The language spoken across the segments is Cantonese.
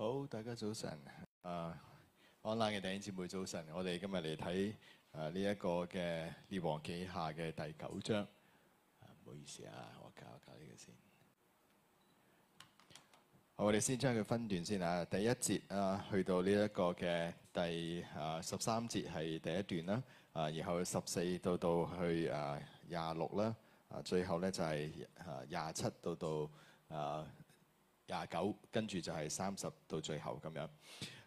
好，大家早晨。啊 online 嘅弟兄姊妹早晨。我哋今日嚟睇啊呢一個嘅列王紀下嘅第九章。唔好意思啊，我教一教呢個先。好，我哋先將佢分段先啊。第一節啊，uh, 去到呢一個嘅第啊十三節係第一段啦。啊、uh,，然後十四到到去啊廿六啦。啊、uh,，uh, 最後咧就係啊廿七到到啊。Uh, 廿九，跟住就係三十到最後咁樣。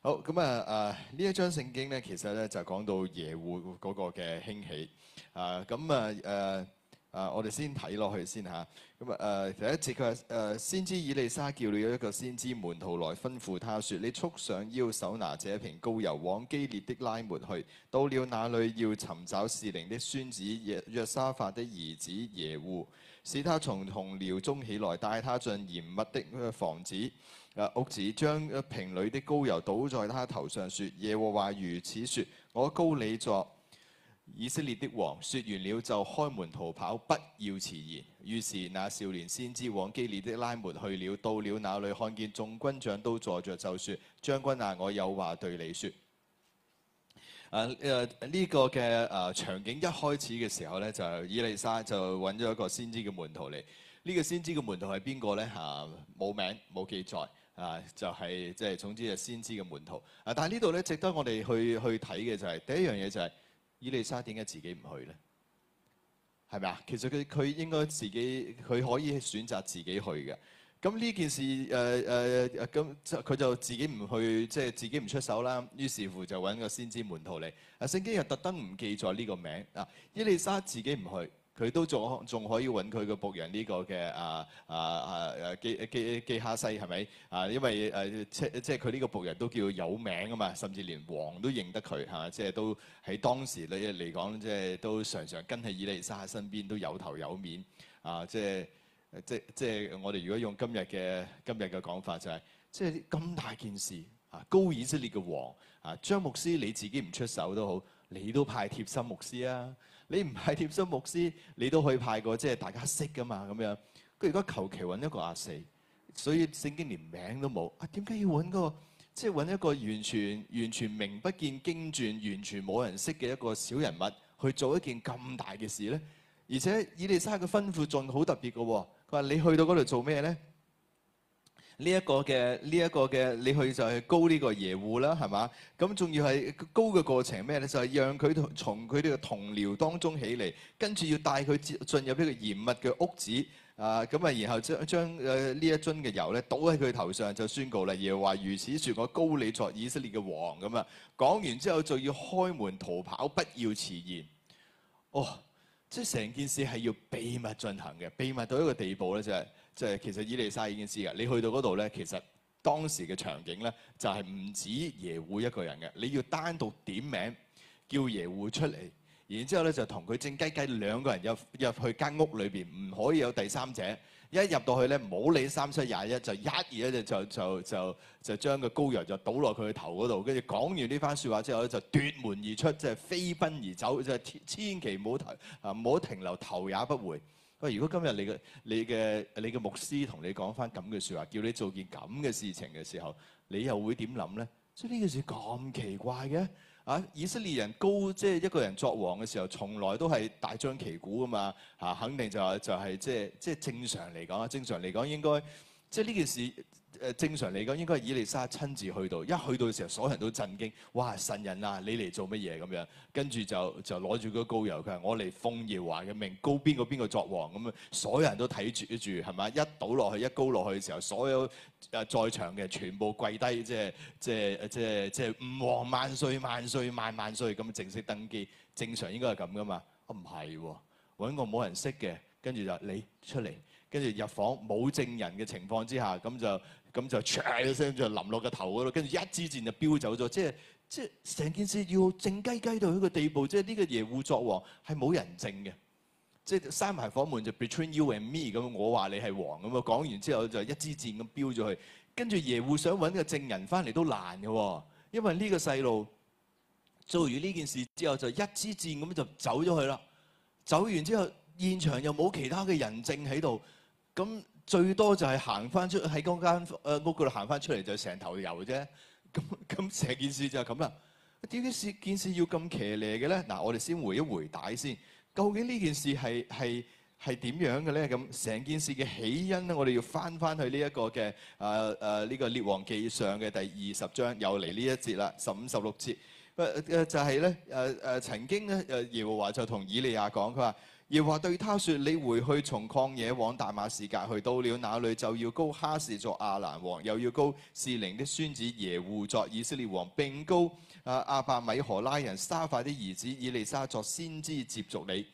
好咁啊，誒呢一章聖經呢，其實呢就講到耶戶嗰個嘅興起啊。咁啊誒、啊、我哋先睇落去先嚇。咁啊誒第一次佢誒先知以利沙叫了一個先知門徒來吩咐他說：你束上腰手拿這瓶膏油往基列的拉末去，到了那裏要尋找士靈的孫子，子耶約沙法的兒子耶戶。使他從同僚中起來，帶他進嚴密的房子、屋子，將瓶裏的膏油倒在他頭上，說：耶和華如此說，我膏你作以色列的王。說完了就開門逃跑，不要遲疑。於是那少年先知往基列的拉末去了。到了那裏，看見眾軍長都坐着，就說：將軍啊，我有話對你說。啊！誒呢個嘅誒場景一開始嘅時候咧，就以利沙就揾咗一個先知嘅門徒嚟。呢個先知嘅門徒係邊個咧？嚇，冇名冇記載啊，就係即係總之係先知嘅門徒。啊，但係呢度咧值得我哋去去睇嘅就係第一樣嘢就係以利沙點解自己唔去咧？係咪啊？其實佢佢應該自己佢可以選擇自己去嘅。咁呢件事誒誒咁，佢就自己唔去，即係自己唔出手啦。於是乎就揾個先知門徒嚟。啊，聖經又特登唔記咗呢個名利沙、這個、啊，以利沙自己唔去，佢都仲仲可以揾佢個僕人呢個嘅啊啊啊基基基哈西係咪啊？因為誒即即係佢呢個僕人都叫有名啊嘛，甚至連王都認得佢嚇、啊，即係都喺當時你嚟講，即係都常常跟喺以利沙身邊，都有頭有面啊，即係。即即我哋如果用今日嘅今日嘅講法就係、是、即係咁大件事啊，高以色列嘅王啊，張牧師你自己唔出手都好，你都派貼心牧師啊，你唔派貼心牧師，你都可以派個即係大家識噶嘛咁樣。佢而家求其揾一個阿四，所以聖經連名都冇啊，點解要揾嗰個即係揾一個完全完全名不見經傳、完全冇人識嘅一個小人物去做一件咁大嘅事咧？而且以利沙嘅吩咐仲好特別嘅喎、啊。你去到嗰度做咩咧？呢、這、一個嘅呢一個嘅，你去就係膏呢個耶戶啦，係嘛？咁仲要係膏嘅過程咩咧？就係、是、讓佢從佢哋嘅同僚當中起嚟，跟住要帶佢進入呢個嚴密嘅屋子啊！咁啊，然後將將一呢一樽嘅油咧倒喺佢頭上，就宣告啦，耶話如，如此説我膏你作以色列嘅王咁啊！講完之後就要開門逃跑，不要遲延。哦！即係成件事係要秘密進行嘅，秘密到一個地步咧，就是，就係，就係其實以利沙已經知㗎，你去到嗰度咧，其實當時嘅場景咧，就係唔止耶戶一個人嘅，你要單獨點名叫耶戶出嚟，然之後咧就同佢靜雞雞兩個人入入去間屋裏邊，唔可以有第三者。一入到去咧，唔好理三七廿一，就一二一就，就就就就將個羔羊就倒落佢頭嗰度，跟住講完呢番説話之後咧，就奪門而出，即係飛奔而走，即係千千祈唔好停啊，唔好停留，頭也不回。喂，如果今日你嘅你嘅你嘅牧師同你講翻咁嘅説話，叫你做件咁嘅事情嘅時候，你又會點諗咧？所以呢件事咁奇怪嘅。啊！以色列人高，即係一個人作王嘅時候，從來都係大張旗鼓噶嘛！嚇，啊，肯定就係就係，即係即係正常嚟講，啊，正常嚟講，應該即係呢件事。誒，正常嚟講，應該係以利沙親自去到，一去到嘅時候，所有人都震驚，哇！神人啊，你嚟做乜嘢咁樣？跟住就就攞住嗰高油，佢話我嚟奉耀華嘅命，高邊個邊個作王咁啊！所有人都睇住住係嘛？一倒落去，一高落去嘅時候，所有誒在場嘅全部跪低，即係即係即係即係吾王萬歲萬歲萬萬歲咁正式登基。正常應該係咁噶嘛？唔係喎，揾個冇人識嘅，跟住就你出嚟，跟住入房冇證人嘅情況之下，咁就。咁 就唰嘅聲就淋落個頭嗰度，跟住一支箭就飈走咗。即係即係成件事要靜雞雞到一個地步。即係呢個耶戶作王係冇人證嘅，即係閂埋房門就 Between you and me 咁，我話你係王咁啊。講完之後就一支箭咁飈咗去，跟住耶戶想搵個證人翻嚟都難嘅，因為呢個細路做完呢件事之後就一支箭咁就走咗去啦。走完之後現場又冇其他嘅人證喺度，咁。最多就係行翻出喺嗰間屋嗰度行翻出嚟就成頭油啫，咁咁成件事就係咁啦。點解事件事要咁騎咧嘅咧？嗱、啊，我哋先回一回帶先，究竟呢件事係係係點樣嘅咧？咁成件事嘅起因咧，我哋要翻翻去呢一個嘅啊啊呢、呢個列王紀上嘅第二十章，又嚟呢一節啦，十五十六節。誒、啊、誒就係咧誒誒曾經咧誒耶和華就同以利亞講，佢話。耶和華對他說：你回去從曠野往大馬士革去，到了那裏就要膏哈薛作亞蘭王，又要膏士靈的孫子耶戶作以色列王，並膏阿亞伯米何拉人沙法的兒子以利沙作先知接續你。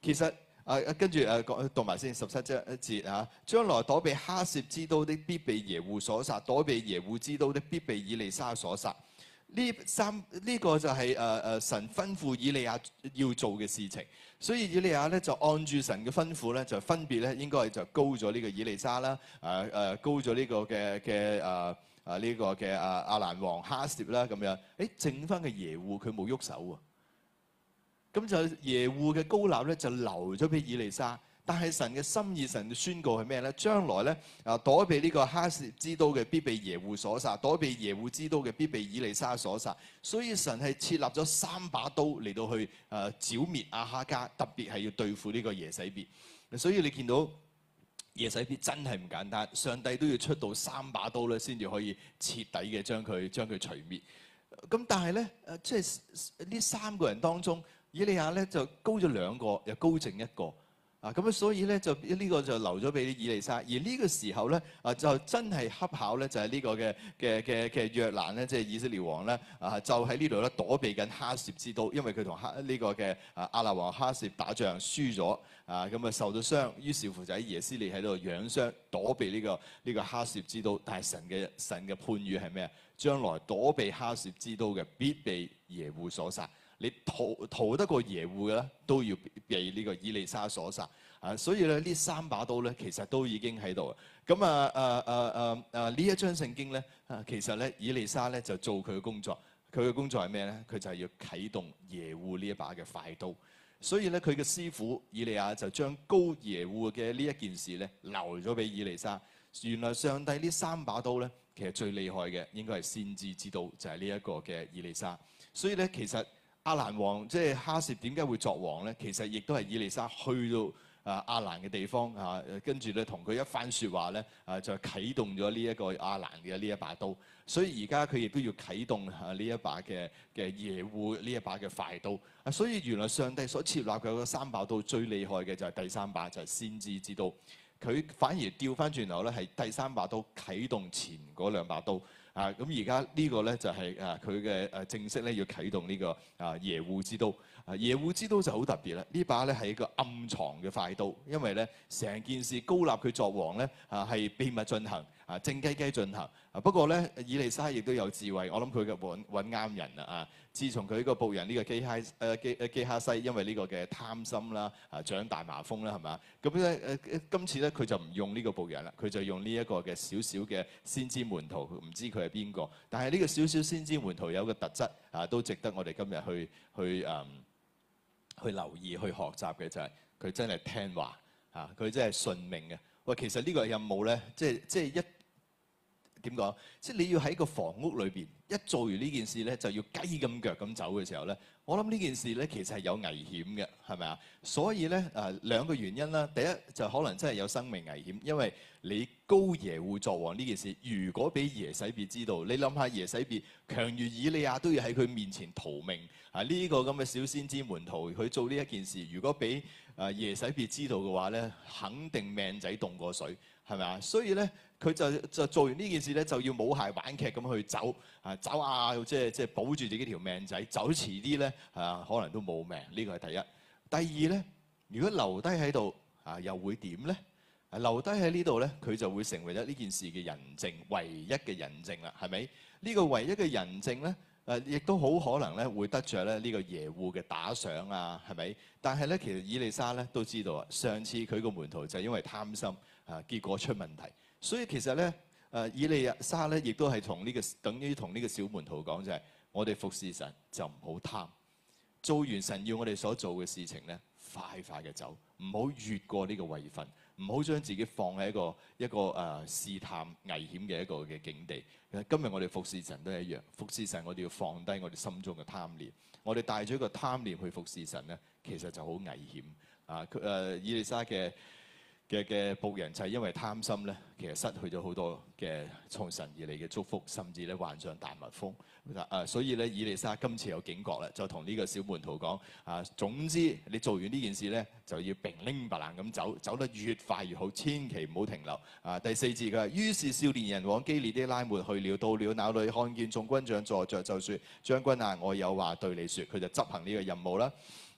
其實啊，跟住啊，讀埋先十七章一節啊，將來躲避哈薛之刀的必被耶戶所殺，躲避耶戶之刀的必被以利沙所殺。呢三呢、這個就係誒誒神吩咐以利亞要做嘅事情，所以以利亞咧就按住神嘅吩咐咧就分別咧應該就高咗呢個以利沙啦，誒、啊、誒、啊、高咗呢個嘅嘅誒誒呢個嘅阿阿蘭王哈薛啦咁樣，誒剩翻嘅耶戶佢冇喐手喎，咁就耶戶嘅高樓咧就留咗俾以利沙。但係神嘅心意，神嘅宣告係咩咧？將來咧，啊躲避呢個哈薛之刀嘅，必被耶戶所殺；躲避耶戶之刀嘅，必被以利沙所殺。所以神係設立咗三把刀嚟到去誒、啊、剿滅亞哈家，特別係要對付呢個耶洗別。所以你見到耶洗別真係唔簡單，上帝都要出到三把刀咧，先至可以徹底嘅將佢將佢除滅。咁、啊、但係咧，誒、啊、即係呢三個人當中，以利亞咧就高咗兩個，又高剩一個。啊，咁啊，所以咧就呢、這個就留咗俾啲以利沙，而呢個時候咧啊，就真係恰巧咧就係呢個嘅嘅嘅嘅約蘭咧，即係、就是、以色列王咧啊，就喺呢度咧躲避緊哈薛之刀，因為佢同哈呢、這個嘅啊亞蘭王哈薛打仗輸咗啊，咁、嗯、啊受咗傷，於是乎就喺耶斯利喺度養傷躲避呢、這個呢、這個哈薛之刀。但係神嘅神嘅判語係咩啊？將來躲避哈薛之刀嘅必被耶和華所殺。你逃逃得過耶戶嘅咧，都要被呢個以利沙所殺啊！所以咧，呢三把刀咧，其實都已經喺度。咁啊啊啊啊！啊啊啊一聖呢一張聖經咧啊，其實咧，以利沙咧就做佢嘅工作，佢嘅工作係咩咧？佢就係要啟動耶戶呢一把嘅快刀。所以咧，佢嘅師傅以利亞就將膏耶戶嘅呢一件事咧留咗俾以利沙。原來上帝呢三把刀咧，其實最厲害嘅應該係先知之刀，就係呢一個嘅以利沙。所以咧，其實。阿蘭王即係哈薛點解會作王咧？其實亦都係以利沙去到啊阿蘭嘅地方啊，跟住咧同佢一番説話咧，啊就啟動咗呢一個阿蘭嘅呢一把刀。所以而家佢亦都要啟動啊呢一把嘅嘅耶戶呢一把嘅快刀。所以原來上帝所設立佢嘅三把刀最厲害嘅就係第三把，就係先知之刀。佢反而調返轉頭咧，係第三把刀啟動前嗰兩把刀。啊，咁而家呢個咧就係啊，佢嘅誒正式咧要啟動呢個啊耶戶之刀。啊，耶戶之刀就好特別啦，呢把咧係一個暗藏嘅快刀，因為咧成件事膏立佢作王咧啊係秘密進行。啊，正雞雞進行啊，不過咧，以利沙亦都有智慧，我諗佢嘅揾揾啱人啦啊！自從佢呢個僕人呢個基哈誒、呃、基基哈西，因為呢個嘅貪心啦，啊長大麻風啦，係嘛？咁咧誒今次咧佢就唔用呢個僕人啦，佢就用呢一個嘅小小嘅先知門徒，唔知佢係邊個？但係呢個小小先知門徒有個特質啊，都值得我哋今日去去誒、嗯、去留意去學習嘅，就係、是、佢真係聽話啊，佢真係順命嘅。喂、啊，其實呢個任務咧，即係即係一。點講？即係你要喺個房屋裏邊一做完呢件事咧，就要雞咁腳咁走嘅時候咧，我諗呢件事咧其實係有危險嘅，係咪啊？所以咧誒兩個原因啦，第一就可能真係有生命危險，因為你膏耶戶作王呢件事，如果俾耶洗別知道，你諗下耶洗別強如以利亞都要喺佢面前逃命啊！呢個咁嘅小先知門徒去做呢一件事，如果俾誒耶洗別知道嘅話咧，肯定命仔凍過水，係咪啊？所以咧。佢就就做完呢件事咧，就要冇鞋玩劇咁去走啊！走啊！即係即係保住自己條命仔，走遲啲咧，係啊，可能都冇命。呢個係第一。第二咧，如果留低喺度啊，又會點咧？留低喺呢度咧，佢就會成為咗呢件事嘅人證，唯一嘅人證啦，係咪？呢個唯一嘅人證咧，誒，亦都好可能咧，會得著咧呢個耶戶嘅打賞啊，係咪？但係咧，其實以利沙咧都知道啊，上次佢個門徒就係因為貪心啊，結果出問題。所以其實咧，誒，以利沙咧，亦都係同呢、這個等於同呢個小門徒講就係、是：我哋服侍神就唔好貪，做完神要我哋所做嘅事情咧，快快嘅走，唔好越過呢個位份，唔好將自己放喺一個一個誒試、呃、探危險嘅一個嘅境地。今日我哋服侍神都係一樣，服侍神我哋要放低我哋心中嘅貪念，我哋帶咗一個貪念去服侍神咧，其實就好危險。啊，誒、呃、以利沙嘅。嘅嘅僕人就係因為貪心咧，其實失去咗好多嘅從神而嚟嘅祝福，甚至咧患上大蜜蜂。啊，所以咧，以利沙今次有警覺啦，就同呢個小門徒講：啊，總之你做完呢件事咧，就要平拎白爛咁走，走得越快越好，千祈唔好停留。啊，第四節佢話：於是少年人往基列啲拉門去了，到了那裏看見眾軍長坐着，就説：將軍啊，我有話對你説。佢就執行呢個任務啦。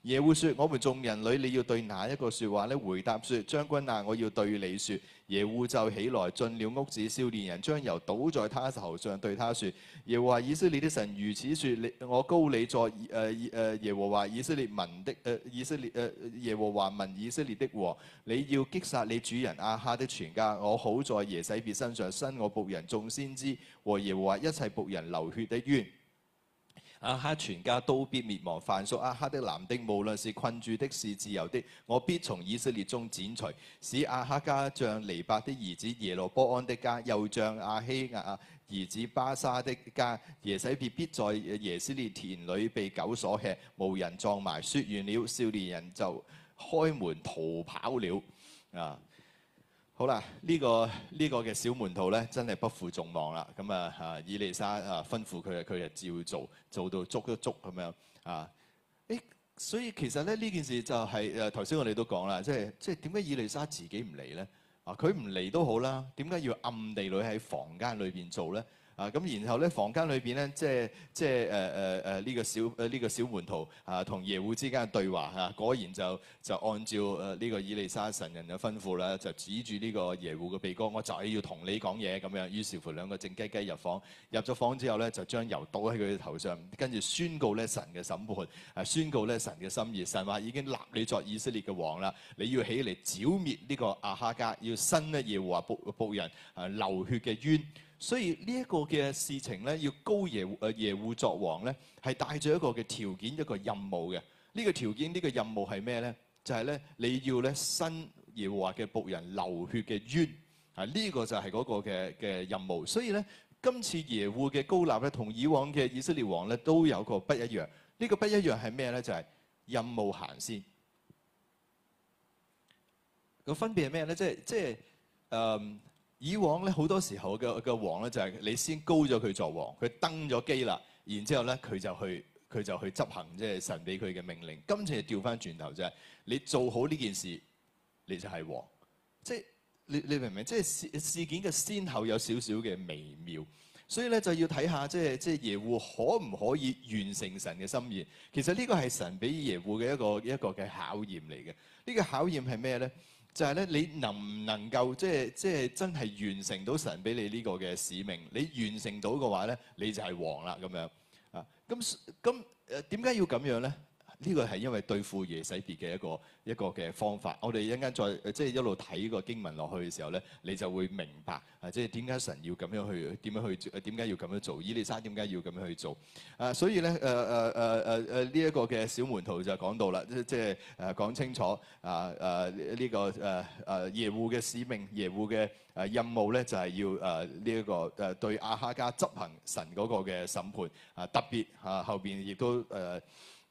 耶戶說：我們眾人裏，你要對哪一個說話呢？」「回答說：將軍啊，我要對你說。耶戶就起來，進了屋子。少年人將油倒在他頭上，對他說：耶和華以色列的神如此說：你我高你坐，誒耶和華以色列民的，誒以色列誒耶和華問以色列的和。你要擊殺你主人亞哈的全家。我好在耶洗別身上，新我僕人眾先知和耶和華一切僕人流血的冤。亞哈全家都必滅亡，凡屬亞哈的男丁，無論是困住的，是自由的，我必從以色列中剪除，使亞哈家像尼伯的兒子耶羅波安的家，又像亞希亞兒子巴沙的家，耶洗別必在耶斯列田裏被狗所吃，無人葬埋。說完了，少年人就開門逃跑了。啊！好啦，呢個呢個嘅小門徒咧，真係不負眾望啦。咁啊，哈，以利沙啊吩咐佢啊，佢就照做，做到足都足咁樣啊。所以其實咧呢件事就係誒頭先我哋都講啦，即係即係點解以利沙自己唔嚟咧？啊，佢唔嚟都好啦，點解要暗地裏喺房間裏面做咧？啊，咁然後咧，房間裏邊咧，即係即係誒誒誒呢個小誒呢、呃這個小門徒啊，同耶戶之間嘅對話啊，果然就就按照誒呢個以利沙神人嘅吩咐啦，就指住呢個耶戶嘅鼻哥，我就係要同你講嘢咁樣。於是乎兩個靜雞雞入房，入咗房之後咧，就將油倒喺佢嘅頭上，跟住宣告咧神嘅審判，誒、啊、宣告咧神嘅心意。神話已經立你作以色列嘅王啦，你要起嚟剿滅呢個亞哈家，要伸一耶戶啊僕僕人啊流血嘅冤。所以呢一個嘅事情咧，要高耶誒耶戶作王咧，係帶住一個嘅條件，一個任務嘅。呢、這個條件，呢、這個任務係咩咧？就係咧，你要咧新耶和華嘅僕人流血嘅冤啊！呢、這個就係嗰個嘅嘅任務。所以咧，今次耶戶嘅高立咧，同以往嘅以色列王咧都有個不一樣。呢、這個不一樣係咩咧？就係、是、任務行先。個分別係咩咧？即係即係誒。就是嗯以往咧好多時候嘅嘅王咧就係你先高咗佢作王，佢登咗基啦，然之後咧佢就去佢就去執行即係神俾佢嘅命令。今次係調翻轉頭啫，你做好呢件事，你就係王，即係你你明唔明？即係事事件嘅先後有少少嘅微妙，所以咧就要睇下即係即係耶戶可唔可以完成神嘅心意？其實呢個係神俾耶戶嘅一個一個嘅考驗嚟嘅。呢個考驗係咩咧？就係、是、你能唔能夠，即、就、係、是就是、真係完成到神俾你呢個嘅使命？你完成到嘅話咧，你就係王啦，咁樣那咁咁誒，點解要咁樣呢？呢、這個係因為對付耶洗別嘅一個一個嘅方法。我哋一陣間再即係一路睇個經文落去嘅時候咧，你就會明白啊！即係點解神要咁樣去點樣去做？點解要咁樣做？以利沙點解要咁樣去做？啊、所以咧，誒呢一個嘅小門徒就講到啦，即係講、啊、清楚啊！誒、啊、呢、這個誒、啊、耶戶嘅使命、耶戶嘅、啊、任務咧，就係要誒呢一個、啊、對亞哈家執行神嗰個嘅審判啊！特別啊，後邊亦都、啊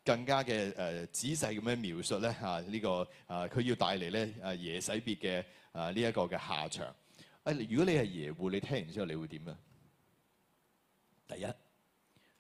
更加嘅誒、呃、仔細咁樣描述咧嚇呢個啊，佢、啊啊啊、要帶嚟咧啊耶洗別嘅啊呢一個嘅下場。誒、啊啊啊、如果你係耶戶，你聽完之後你會點啊？第一，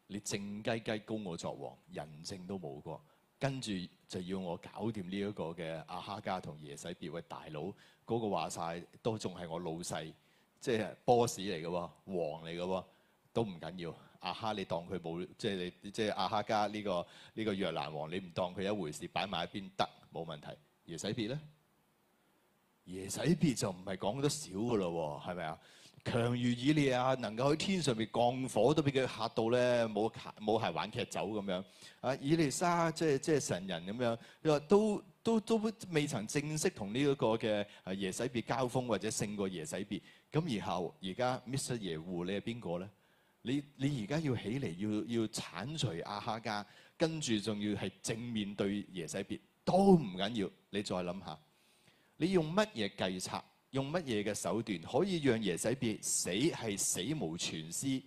你靜雞雞高我作王，人證都冇過，跟住就要我搞掂呢一個嘅阿哈家同耶洗別位大佬，嗰、那個話曬都仲係我老細，即係 boss 嚟嘅喎，王嚟嘅喎，都唔緊要。亞哈，你當佢冇，即係你，即係亞哈家呢個呢個約蘭王，你唔當佢一回事，擺埋一邊得冇問題。耶洗別咧，耶洗別就唔係講得少噶咯，係咪啊？強如以利亞，能夠喺天上面降火，都俾佢嚇到咧，冇冇係玩劇走咁樣。啊，以利沙即係即係神人咁樣，都都都未曾正式同呢一個嘅啊耶洗別交鋒，或者勝過耶洗別。咁然後而家 Mr 耶戶你係邊個咧？你你而家要起嚟要要鏟除阿哈家，跟住仲要係正面對耶洗別都唔緊要。你再諗下，你用乜嘢計策，用乜嘢嘅手段，可以讓耶洗別死係死無全屍，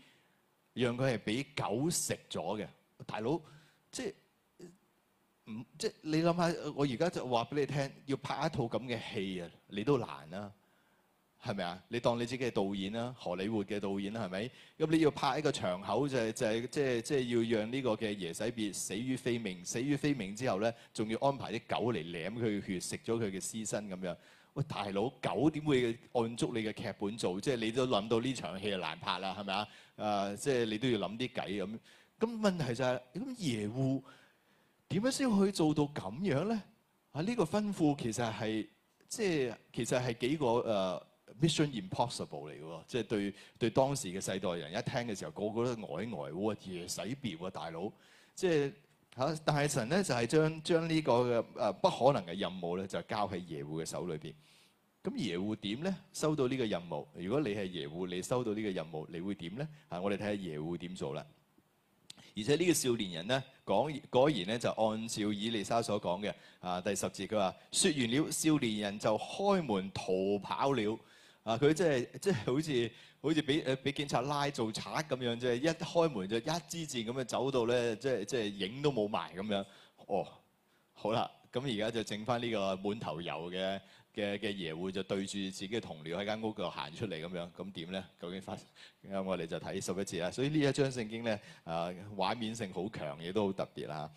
讓佢係俾狗食咗嘅？大佬，即係唔即係你諗下，我而家就話俾你聽，要拍一套咁嘅戲啊，你都難啦。係咪啊？你當你自己嘅導演啦，荷里活嘅導演啦，係咪？咁你要拍一個場口就係、是、就係即係即係要讓呢個嘅耶洗別死於非命，死於非命之後咧，仲要安排啲狗嚟舐佢血，食咗佢嘅屍身咁樣。喂，大佬，狗點會按足你嘅劇本做？即、就、係、是、你都諗到呢場戲就難拍啦，係咪啊？啊，即係你都要諗啲計咁。咁問題就係、是，咁耶戶點樣先可以做到咁樣咧？啊，呢個吩咐其實係即係其實係幾個誒？呃 Mission Impossible 嚟喎，即係對對當時嘅世代人一聽嘅時候，個個都呆呆喎，耶洗別啊，大佬！即係嚇，但係神咧就係將將呢個嘅誒不可能嘅任務咧，就交喺耶戶嘅手裏邊。咁耶戶點咧？收到呢個任務，如果你係耶戶，你收到呢個任務，你會點咧？啊，我哋睇下耶戶點做啦。而且呢個少年人咧，果果然咧就按照以利沙所講嘅啊，第十節佢話：説完了，少年人就開門逃跑了。啊！佢即係即係好似好似俾誒俾警察拉做賊咁樣，即係一開門就一支箭咁樣走到咧，即係即係影都冇埋咁樣。哦，好啦，咁而家就剩翻呢個滿頭油嘅嘅嘅耶戶就對住自己嘅同僚喺間屋度行出嚟咁樣，咁點咧？究竟發生？咁我哋就睇十一節啦。所以呢一章聖經咧，啊、呃、畫面性好強，亦都好特別啦。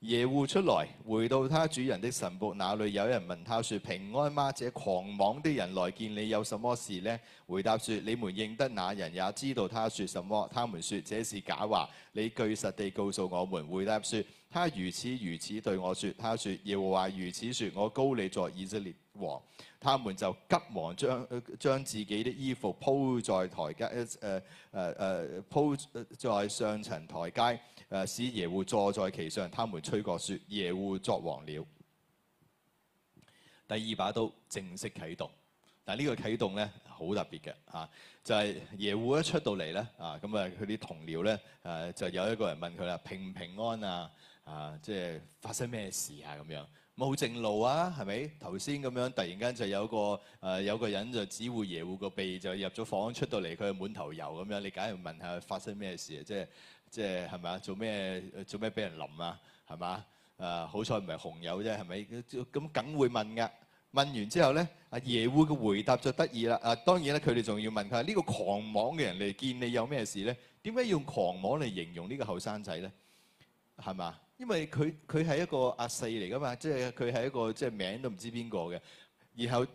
耶戶出來，回到他主人的神僕那裏。哪裏有人問他說：平安嗎？這狂妄的人來見你，有什麼事呢？回答說：你們認得那人，也知道他說什麼。他們說：這是假話。你據實地告訴我們。回答說：他如此如此對我說。他說：耶戶話如此說：我高你做以色列王。他們就急忙將將自己的衣服鋪在台階，鋪在上層台階。呃呃誒，使耶戶坐在其上，他們吹過雪，耶戶作王了。第二把刀正式啟動，但係呢個啟動咧好特別嘅啊，就係、是、耶戶一出到嚟咧啊，咁啊佢啲同僚咧誒就有一個人問佢啦：平唔平安啊？啊，即係發生咩事啊？咁樣冇正路啊？係咪頭先咁樣突然間就有個誒、啊、有個人就指護耶戶個鼻就入咗房出到嚟，佢係滿頭油咁樣，你梗係問下發生咩事啊？即係。即係係咪啊？做咩做咩俾人淋啊？係咪？啊好彩唔係紅油啫，係咪？咁梗會問噶。問完之後咧，阿夜會嘅回答就得意啦。啊當然啦，佢哋仲要問佢，呢個狂妄嘅人嚟見你有咩事咧？點解用狂妄嚟形容呢個後生仔咧？係嘛？因為佢佢係一個阿四嚟噶嘛，即係佢係一個即係名都唔知邊個嘅，然後，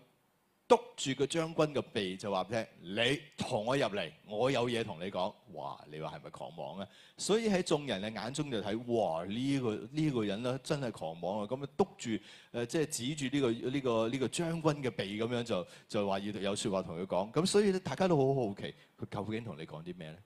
篤住個將軍嘅鼻就話畀你聽：你同我入嚟，我有嘢同你講。哇！你話係咪狂妄啊？呃，就是這個這個這個，所以喺眾人嘅眼中就睇，哇！呢個呢個人咧真係狂妄啊！咁篤住誒，即係指住呢個呢個呢個將軍嘅鼻咁樣就就話要有説話同佢講。咁所以咧，大家都好好奇佢究竟同你講啲咩咧？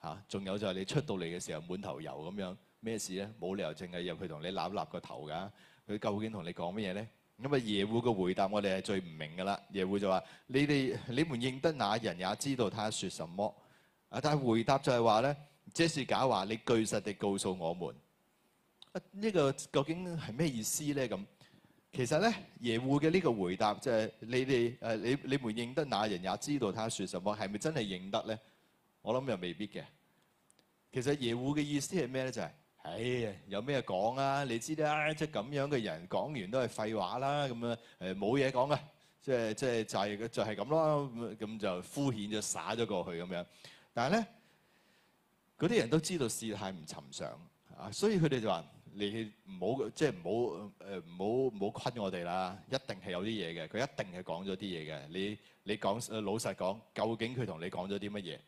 嚇、啊，仲有就係你出到嚟嘅時候滿頭油咁樣，咩事咧？冇理由淨係入去同你揦揦個頭噶。佢究竟同你講乜嘢咧？咁啊！耶戶嘅回答我哋係最唔明噶啦，耶戶就話：你哋你們認得那人，也知道他說什麼。啊！但係回答就係話咧，這是假話，你據實地告訴我們。呢個究竟係咩意思咧？咁其實咧，耶戶嘅呢個回答即係你哋誒，你們你們認得那人，也知道他說什麼，係咪真係認得咧？我諗又未必嘅。其實耶戶嘅意思係咩咧？就係。唉、哎，有咩講啊？你知啦，即係咁樣嘅人講完都係廢話啦。咁、就係就係就係、樣誒冇嘢講嘅，即係即係就係就係咁咯。咁就敷衍咗灑咗過去咁樣。但係咧，嗰啲人都知道事態唔尋常啊，所以佢哋就話：你唔好即係唔好誒唔好唔好昆我哋啦。一定係有啲嘢嘅，佢一定係講咗啲嘢嘅。你你講老實講，究竟佢同你講咗啲乜嘢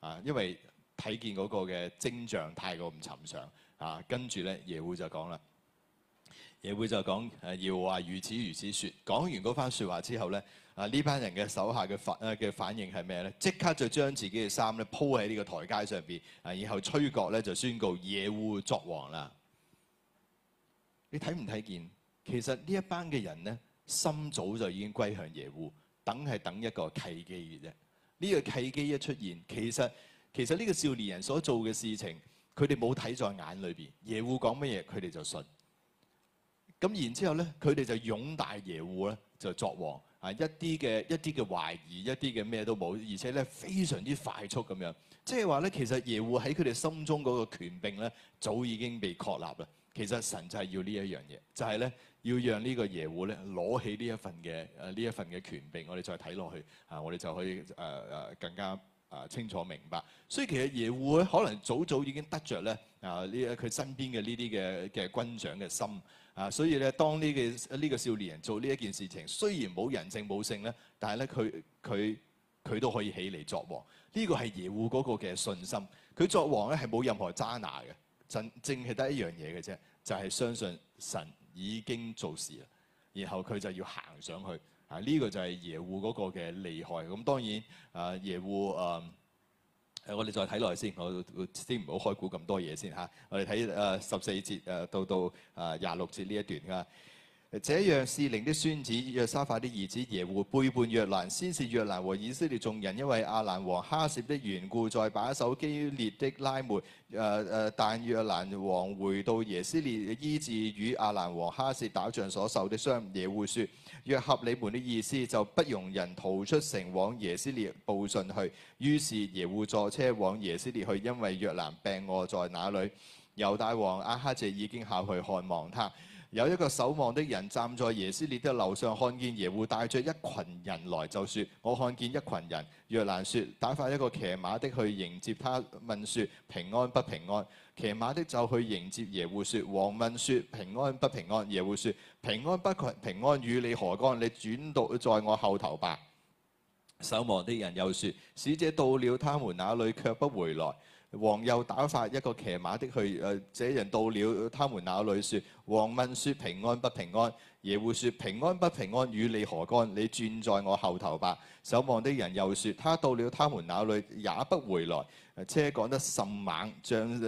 啊？因為睇見嗰個嘅徵象太過唔尋常。啊，跟住咧，耶戶就講啦。耶戶就講誒，要、啊、話、啊、如此如此説。講完嗰番説話之後咧，啊呢班人嘅手下嘅反嘅反應係咩咧？即刻就將自己嘅衫咧鋪喺呢鋪個台階上邊，啊，然後吹角咧就宣告耶戶作王啦。你睇唔睇見？其實這的呢一班嘅人咧，心早就已經歸向耶戶，等係等一個契機嘅啫。呢、這個契機一出現，其實其實呢個少年人所做嘅事情。佢哋冇睇在眼裏邊，耶戶講乜嘢，佢哋就信。咁然之後咧，佢哋就擁戴耶戶咧，就作王。啊，一啲嘅一啲嘅懷疑，一啲嘅咩都冇，而且咧非常之快速咁樣。即係話咧，其實耶戶喺佢哋心中嗰個權柄咧，早已經被確立啦。其實神就係要呢一樣嘢，就係、是、咧要讓呢個耶戶咧攞起呢一份嘅誒呢一份嘅權柄。我哋再睇落去啊，我哋就可以誒誒、呃呃、更加。啊，清楚明白，所以其實耶戶可能早早已經得着咧啊！呢佢身邊嘅呢啲嘅嘅軍長嘅心啊，所以咧當呢嘅呢個少年人做呢一件事情，雖然冇人證、冇證咧，但係咧佢佢佢都可以起嚟作王。呢、這個係耶戶嗰個嘅信心。佢作王咧係冇任何揸拿嘅，真正係得一樣嘢嘅啫，就係、是、相信神已經做事啦，然後佢就要行上去。啊！呢、這個就係耶戶嗰個嘅厲害。咁當然，啊耶戶啊，誒我哋再睇落先，我先唔好開估咁多嘢先嚇。我哋睇誒十四節誒到到啊廿六節呢一段㗎。啊這樣示靈的孫子約沙法的兒子耶戶背叛約蘭，先是約蘭和以色列眾人因為亞蘭王哈薛的緣故，再把守基列的拉末。誒、呃、誒、呃，但約蘭王回到耶斯列，醫治與亞蘭王哈薛打仗所受的傷。耶戶説：若合你們的意思，就不容人逃出城往耶斯列報信去。於是耶戶坐車往耶斯列去，因為約蘭病卧在那裏。猶大王阿哈謝已經下去看望他。有一個守望的人站在耶斯列的樓上，看見耶戶帶著一群人來，就說：我看見一群人。若蘭說：打發一個騎馬的去迎接他。問說：平安不平安？騎馬的就去迎接耶戶，說：王問說：平安不平安？耶戶說：平安不平安？平安與你何干？你轉到在我後頭吧。守望的人又說：使者到了他們那裡，卻不回來。王又打發一個騎馬的去，誒這人到了他們那裏說，說，王問説平安不平安？耶戶説平安不平安？與你何干？你轉在我後頭吧。守望的人又說，他到了他們那裏也不回來。車趕得甚猛，像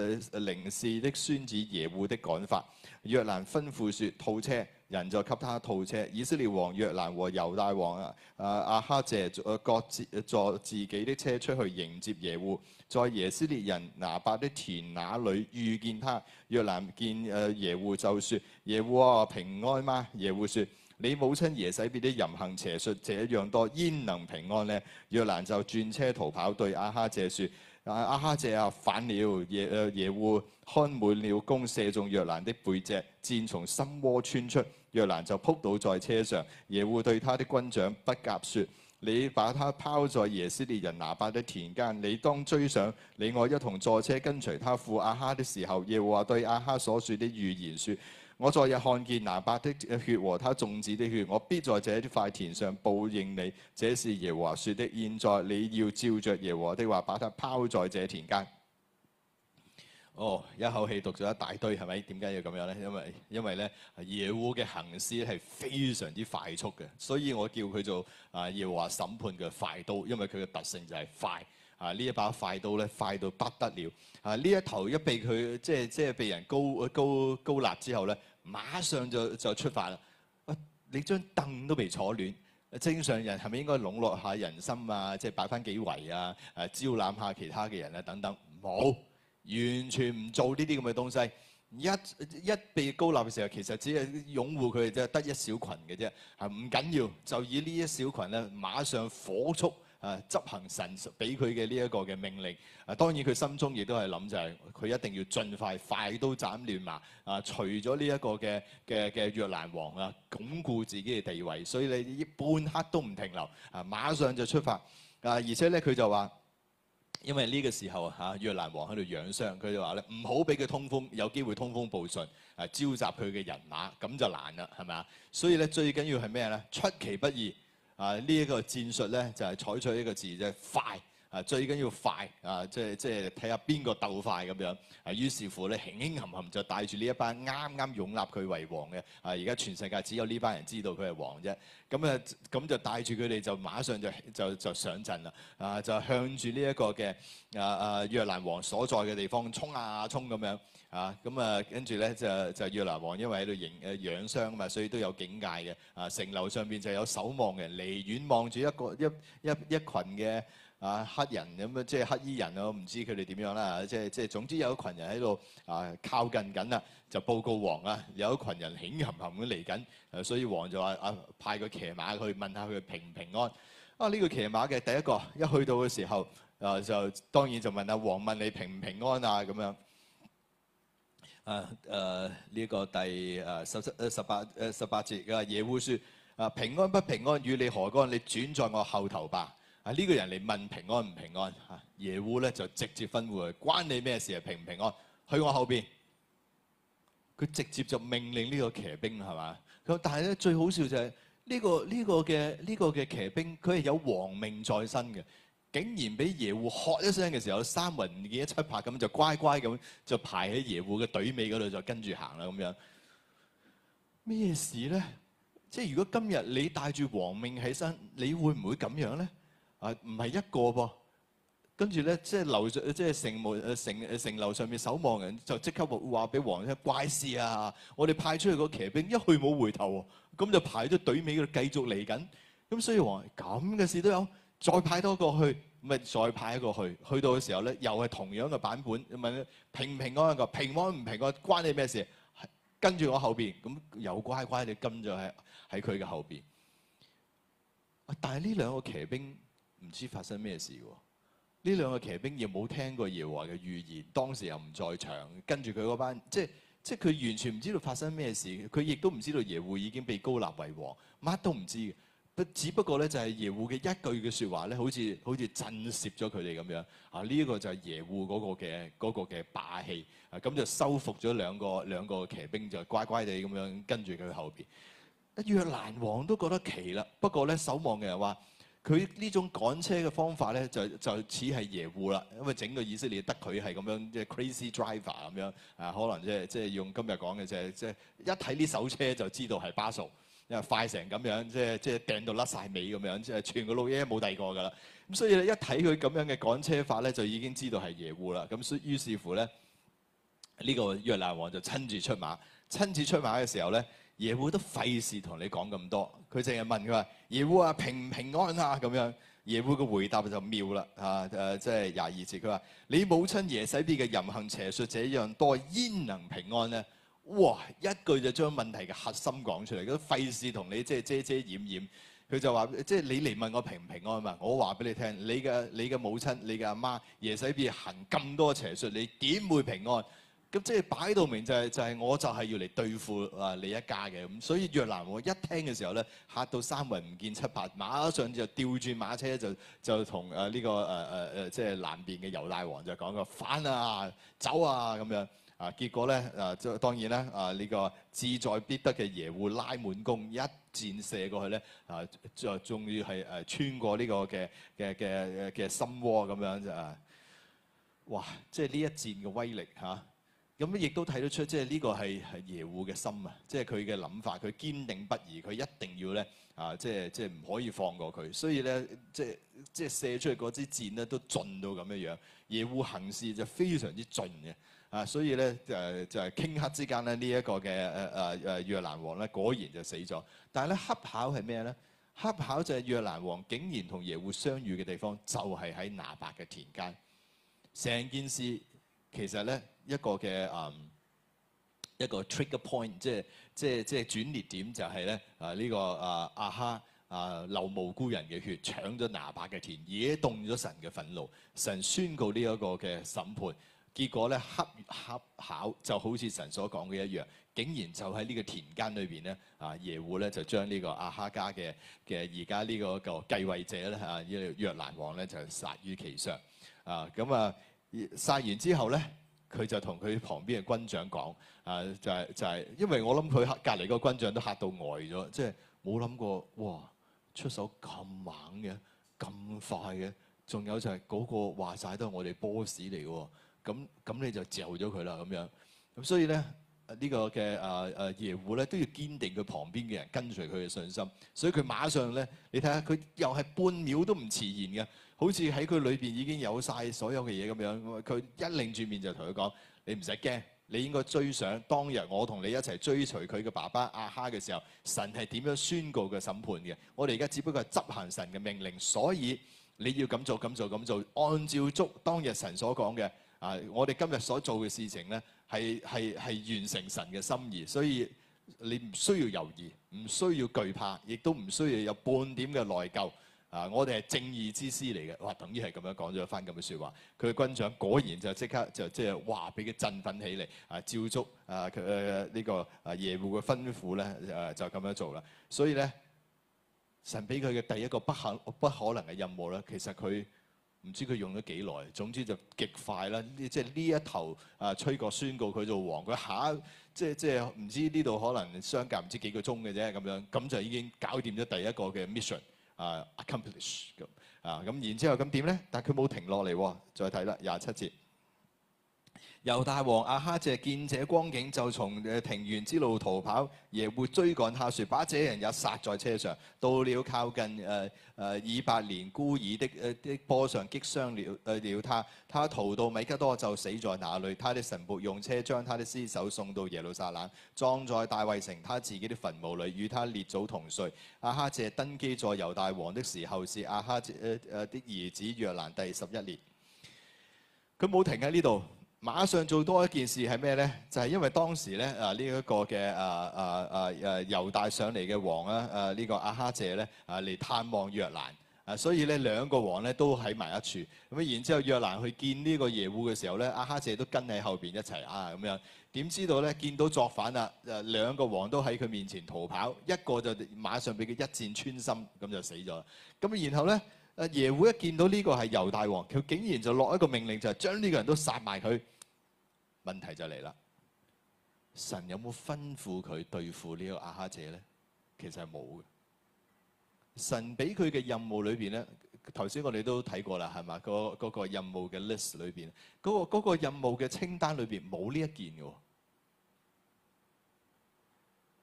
凌視的孫子耶戶的趕法。約蘭吩咐說套車。人就給他套車，以色列王約蘭和猶大王啊阿哈謝各自坐自，自，自己的車出去迎接耶戶，在耶斯列人拿伯的田那裏遇見他。約蘭見誒耶戶就説：耶戶啊，平安嗎？耶戶説：你母親耶洗別的淫行邪術這樣多，焉能平安呢？約蘭就轉車逃跑，對阿、啊、哈謝説。阿、啊、哈謝啊，反了！耶耶戶看滿了弓，射中約蘭的背脊，箭從心窩穿出，約蘭就仆倒在車上。耶戶對他的軍長不甲說：你把他拋在耶斯列人拿巴的田間，你當追上你我一同坐車跟隨他父阿哈的時候，耶和華對阿哈所說的預言說。我昨日看見拿伯的血和他種子的血，我必在這塊田上報應你。這是耶和華說的。現在你要照着耶和華的話，把它拋在這田間。哦、oh，一口氣讀咗一大堆，係咪？點解要咁樣咧？因為因為咧，耶和華嘅行事係非常之快速嘅，所以我叫佢做啊耶和華審判嘅快刀，因為佢嘅特性就係快。啊呢一把快刀咧，快到不得了。啊呢一頭一被佢即係即係被人高高高，高立之後咧。馬上就就出發啦！啊，你張凳都未坐暖，正常人係咪應該籠絡下人心啊？即係擺翻幾圍啊？誒、啊啊，招攬下其他嘅人啊等等，冇，完全唔做呢啲咁嘅東西。一一被高立嘅時候，其實只係擁護佢哋，即係得一小群嘅啫，係唔緊要。就以呢一小群咧，馬上火速。誒、啊、執行神俾佢嘅呢一個嘅命令，啊、當然佢心中亦都係諗就係佢一定要盡快，快快刀斬亂麻，啊除咗呢一個嘅嘅嘅約蘭王啊，鞏固自己嘅地位，所以呢半刻都唔停留，啊馬上就出發，啊而且咧佢就話，因為呢個時候嚇啊、約蘭王喺度養傷，佢就話咧唔好俾佢通風，有機會通風報信，啊召集佢嘅人馬，咁就難啦，係咪啊？所以咧最緊要係咩咧？出其不意。啊！這個、戰術呢、就是、取一個戰術咧，就係採取呢個字啫，快啊！最緊要快啊！即係即係睇下邊個鬥快咁樣啊！於是乎咧，輕輕含含就帶住呢一班啱啱擁立佢為王嘅啊！而家全世界只有呢班人知道佢係王啫。咁啊，咁、啊、就帶住佢哋就馬上就就就上陣啦！啊，就向住呢一個嘅啊啊約蘭王所在嘅地方衝啊衝咁、啊啊、樣。啊，咁啊，跟住咧就就約蘭王，因為喺度營誒養傷嘛，所以都有警戒嘅。啊，城樓上邊就有守望嘅人，離遠望住一個一一一群嘅啊黑人咁啊，即係黑衣人，我唔知佢哋點樣啦。即係即係，就是、總之有一群人喺度啊靠近緊啦，就是、報告王啊，有一群人行行含咁嚟緊。所以王就話啊，派個騎馬去問下佢平唔平安。啊，呢、這個騎馬嘅第一個一去到嘅時候，啊就當然就問阿王問你平唔平安啊咁樣。啊，誒、這、呢個第誒十七誒、啊、十八誒、啊、十八節嘅耶戶說啊，平安不平安與你何干？你轉在我後頭吧。啊呢、這個人嚟問平安唔平安？啊耶戶咧就直接吩咐，關你咩事啊？平唔平安？去我後邊。佢直接就命令這個騎呢個騎兵係嘛？咁但係咧最好笑就係呢個呢、這個嘅呢、這個嘅騎兵，佢係有王命在身嘅。竟然俾耶戶喝一聲嘅時候，三文唔見一七拍咁就乖乖咁就排喺耶戶嘅隊尾嗰度，就跟住行啦咁樣。咩事咧？即係如果今日你帶住王命起身，你會唔會咁樣咧？啊，唔係一個噃。跟住咧，即係樓上，即係城門、城城樓上面守望人就即刻話俾王聽，怪事啊！我哋派出去個騎兵一去冇回頭喎，咁就排咗隊尾嗰度繼續嚟緊。咁所以王咁嘅事都有。再派多一個去，咪再派一個去。去到嘅時候咧，又係同樣嘅版本。問平唔平安？個平安唔平安？關你咩事？跟住我後邊，咁又乖乖地跟咗喺喺佢嘅後邊。但係呢兩個騎兵唔知發生咩事喎？呢兩個騎兵亦冇聽過耶和華嘅預言，當時又唔在場，跟住佢嗰班，即係即係佢完全唔知道發生咩事。佢亦都唔知道耶和華已經被高立為王，乜都唔知嘅。佢只不過咧就係耶戶嘅一句嘅說話咧，好似好似震懾咗佢哋咁樣啊！呢一個就係耶戶嗰個嘅嗰個嘅霸氣啊！咁就收服咗兩個兩個騎兵，就乖乖地咁樣跟住佢後邊。約蘭王都覺得奇啦，不過咧守望嘅人話佢呢種趕車嘅方法咧，就就似係耶戶啦，因為整個以色列得佢係咁樣即係 crazy driver 咁樣啊，可能即係即係用今日講嘅啫，即係一睇呢手車就知道係巴素。因為快成咁樣，即係即掟到甩晒尾咁樣，即係全個路耶冇第二個噶啦。咁所以咧一睇佢咁樣嘅趕車法咧，就已經知道係耶烏啦。咁所以於是乎咧，呢、這個約拿王就親自出馬。親自出馬嘅時候咧，耶烏都費事同你講咁多，佢淨係問佢話：耶烏啊，平唔平安啊？咁樣耶烏嘅回答就妙啦。即係廿二字，佢、啊、話、就是：你母親耶洗啲嘅淫行邪術這樣多，焉能平安呢？哇！一句就將問題嘅核心講出嚟，都費事同你即係遮遮掩掩。佢就話：即、就、係、是、你嚟問我平唔平安嘛？我話俾你聽，你嘅你嘅母親、你嘅阿媽，耶洗別行咁多邪術，你點會平安？咁即係擺到明就係、是、就係、是，我就係要嚟對付啊你一家嘅。咁所以約拿一聽嘅時候咧，嚇到三雲唔見七八，馬上就調轉馬車就就同啊呢個誒誒誒即係南邊嘅猶大王就講個反啊走啊咁樣。啊！結果咧，啊，當然咧，啊呢個志在必得嘅耶戶拉滿弓，一箭射過去咧，啊，就終於係誒穿過呢個嘅嘅嘅嘅心窩咁樣就啊！哇！即係呢一箭嘅威力嚇，咁亦都睇得出，即係呢個係係耶戶嘅心啊！即係佢嘅諗法，佢堅定不移，佢一定要咧啊！即係即係唔可以放過佢，所以咧，即係即係射出嗰支箭咧都盡到咁樣樣。耶戶行事就非常之盡嘅。啊，所以咧、啊、就就是、係頃刻之間咧，呢、這、一個嘅誒誒誒約拿王咧果然就死咗。但係咧恰巧係咩咧？恰巧就係約蘭王竟然同耶戶相遇嘅地方，就係喺拿伯嘅田間。成件事其實咧一個嘅誒、啊、一個 trigger point，即係即係即係轉捩點，就係、是、咧、就是就是、啊呢、這個啊亞哈啊流無辜人嘅血，搶咗拿伯嘅田，惹動咗神嘅憤怒。神宣告呢一個嘅審判。結果咧，恰恰巧就好似神所講嘅一樣，竟然就喺呢個田間裏邊咧啊，耶戶咧就將呢個亞哈家嘅嘅而家呢個繼、這個繼位者咧啊，呢個約蘭王咧就殺於其上啊。咁啊，殺完之後咧，佢就同佢旁邊嘅軍長講啊，就係、是、就係、是，因為我諗佢嚇隔離個軍長都嚇到呆咗，即係冇諗過哇，出手咁猛嘅咁快嘅，仲有就係嗰、那個話晒都係我哋 boss 嚟㗎。咁咁，你就嚼咗佢啦。咁樣咁，所以咧呢、這個嘅啊啊耶戶咧都要堅定佢旁邊嘅人跟隨佢嘅信心。所以佢馬上咧，你睇下佢又係半秒都唔遲延嘅，好似喺佢裏邊已經有晒所有嘅嘢咁樣。佢一擰住面就同佢講：你唔使驚，你應該追上當日我同你一齊追隨佢嘅爸爸亞哈嘅時候，神係點樣宣告嘅審判嘅。我哋而家只不過係執行神嘅命令，所以你要咁做咁做咁做，按照足當日神所講嘅。啊！我哋今日所做嘅事情咧，係係係完成神嘅心意，所以你唔需要猶豫，唔需要懼怕，亦都唔需要有半點嘅內疚。啊！我哋係正義之師嚟嘅，哇！等於係咁樣講咗一番咁嘅説話。佢嘅軍長果然就即刻就即係哇！俾佢振奮起嚟啊！照足啊！佢呢個啊耶和華嘅吩咐咧，誒就咁樣做啦。所以咧，神俾佢嘅第一個不可不可能嘅任務咧，其實佢。唔知佢用咗幾耐，總之就極快啦。即係呢一頭啊，吹角宣告佢做王。佢下即係即係唔知呢度可能相隔唔知幾個鐘嘅啫咁樣，咁就已經搞掂咗第一個嘅 mission Accomplish，啊，accomplish 咁啊咁。然之後咁點咧？但係佢冇停落嚟，再睇啦廿七節。猶大王亞哈謝見者光景，就從庭園之路逃跑，耶戶追趕下船，把這人也殺在車上。到了靠近誒誒、呃呃、以巴連孤珥的誒、呃、的坡上，擊傷了誒了他。他逃到米吉多，就死在那裏。他的臣僕用車將他的屍首送到耶路撒冷，葬在大衛城他自己的墳墓裏，與他列祖同睡。亞哈謝登基在猶大王的時候，是亞哈誒誒、呃呃、的兒子約蘭第十一年。佢冇停喺呢度。馬上做多一件事係咩咧？就係、是、因為當時咧、這個、啊呢一個嘅啊啊啊啊猶大上嚟嘅王啊啊呢個阿哈謝咧啊嚟探望約蘭啊，所以咧兩個王咧都喺埋一處咁。然之後約蘭去見呢個耶戶嘅時候咧，阿哈謝都跟喺後邊一齊啊咁樣。點知道咧見到作反啦？兩個王都喺佢面前逃跑，一個就馬上俾佢一箭穿心，咁就死咗。咁然後咧。啊！耶和華一見到呢個係猶大王，佢竟然就落一個命令，就將呢個人都殺埋佢。問題就嚟啦，神有冇吩咐佢對付呢個亞哈謝咧？其實係冇嘅。神俾佢嘅任務裏邊咧，頭先我哋都睇過啦，係嘛？嗰嗰個任務嘅 list 裏邊，嗰個嗰個任務嘅清單裏邊冇呢一件嘅，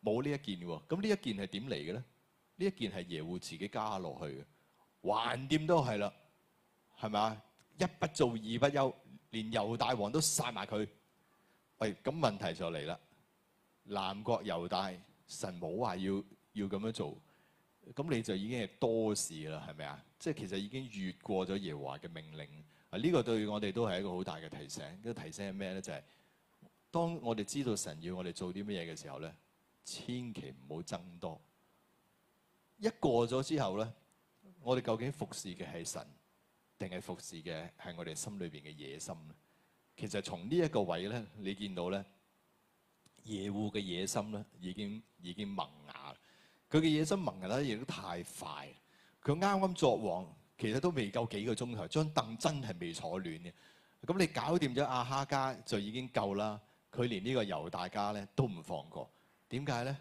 冇呢一件嘅。咁呢一件係點嚟嘅咧？呢一件係耶和華自己加落去嘅。橫掂都係啦，係咪啊？一不做二不休，連猶大王都殺埋佢。喂、哎，咁問題就嚟啦。南國猶大，神冇話要要咁樣做，咁你就已經係多事啦，係咪啊？即係其實已經越過咗耶和華嘅命令。啊，呢個對我哋都係一個好大嘅提醒。啲、這個、提醒係咩咧？就係、是、當我哋知道神要我哋做啲乜嘢嘅時候咧，千祈唔好增多。一過咗之後咧。我哋究竟服侍嘅係神，定係服侍嘅係我哋心裏邊嘅野心咧？其實從呢一個位咧，你見到咧耶戶嘅野心咧，已經已經萌芽啦。佢嘅野心萌芽得亦都太快。佢啱啱作王，其實都未夠幾個鐘頭，張凳真係未坐暖嘅。咁你搞掂咗亞哈家就已經夠啦。佢連呢個猶大家咧都唔放過。點解咧？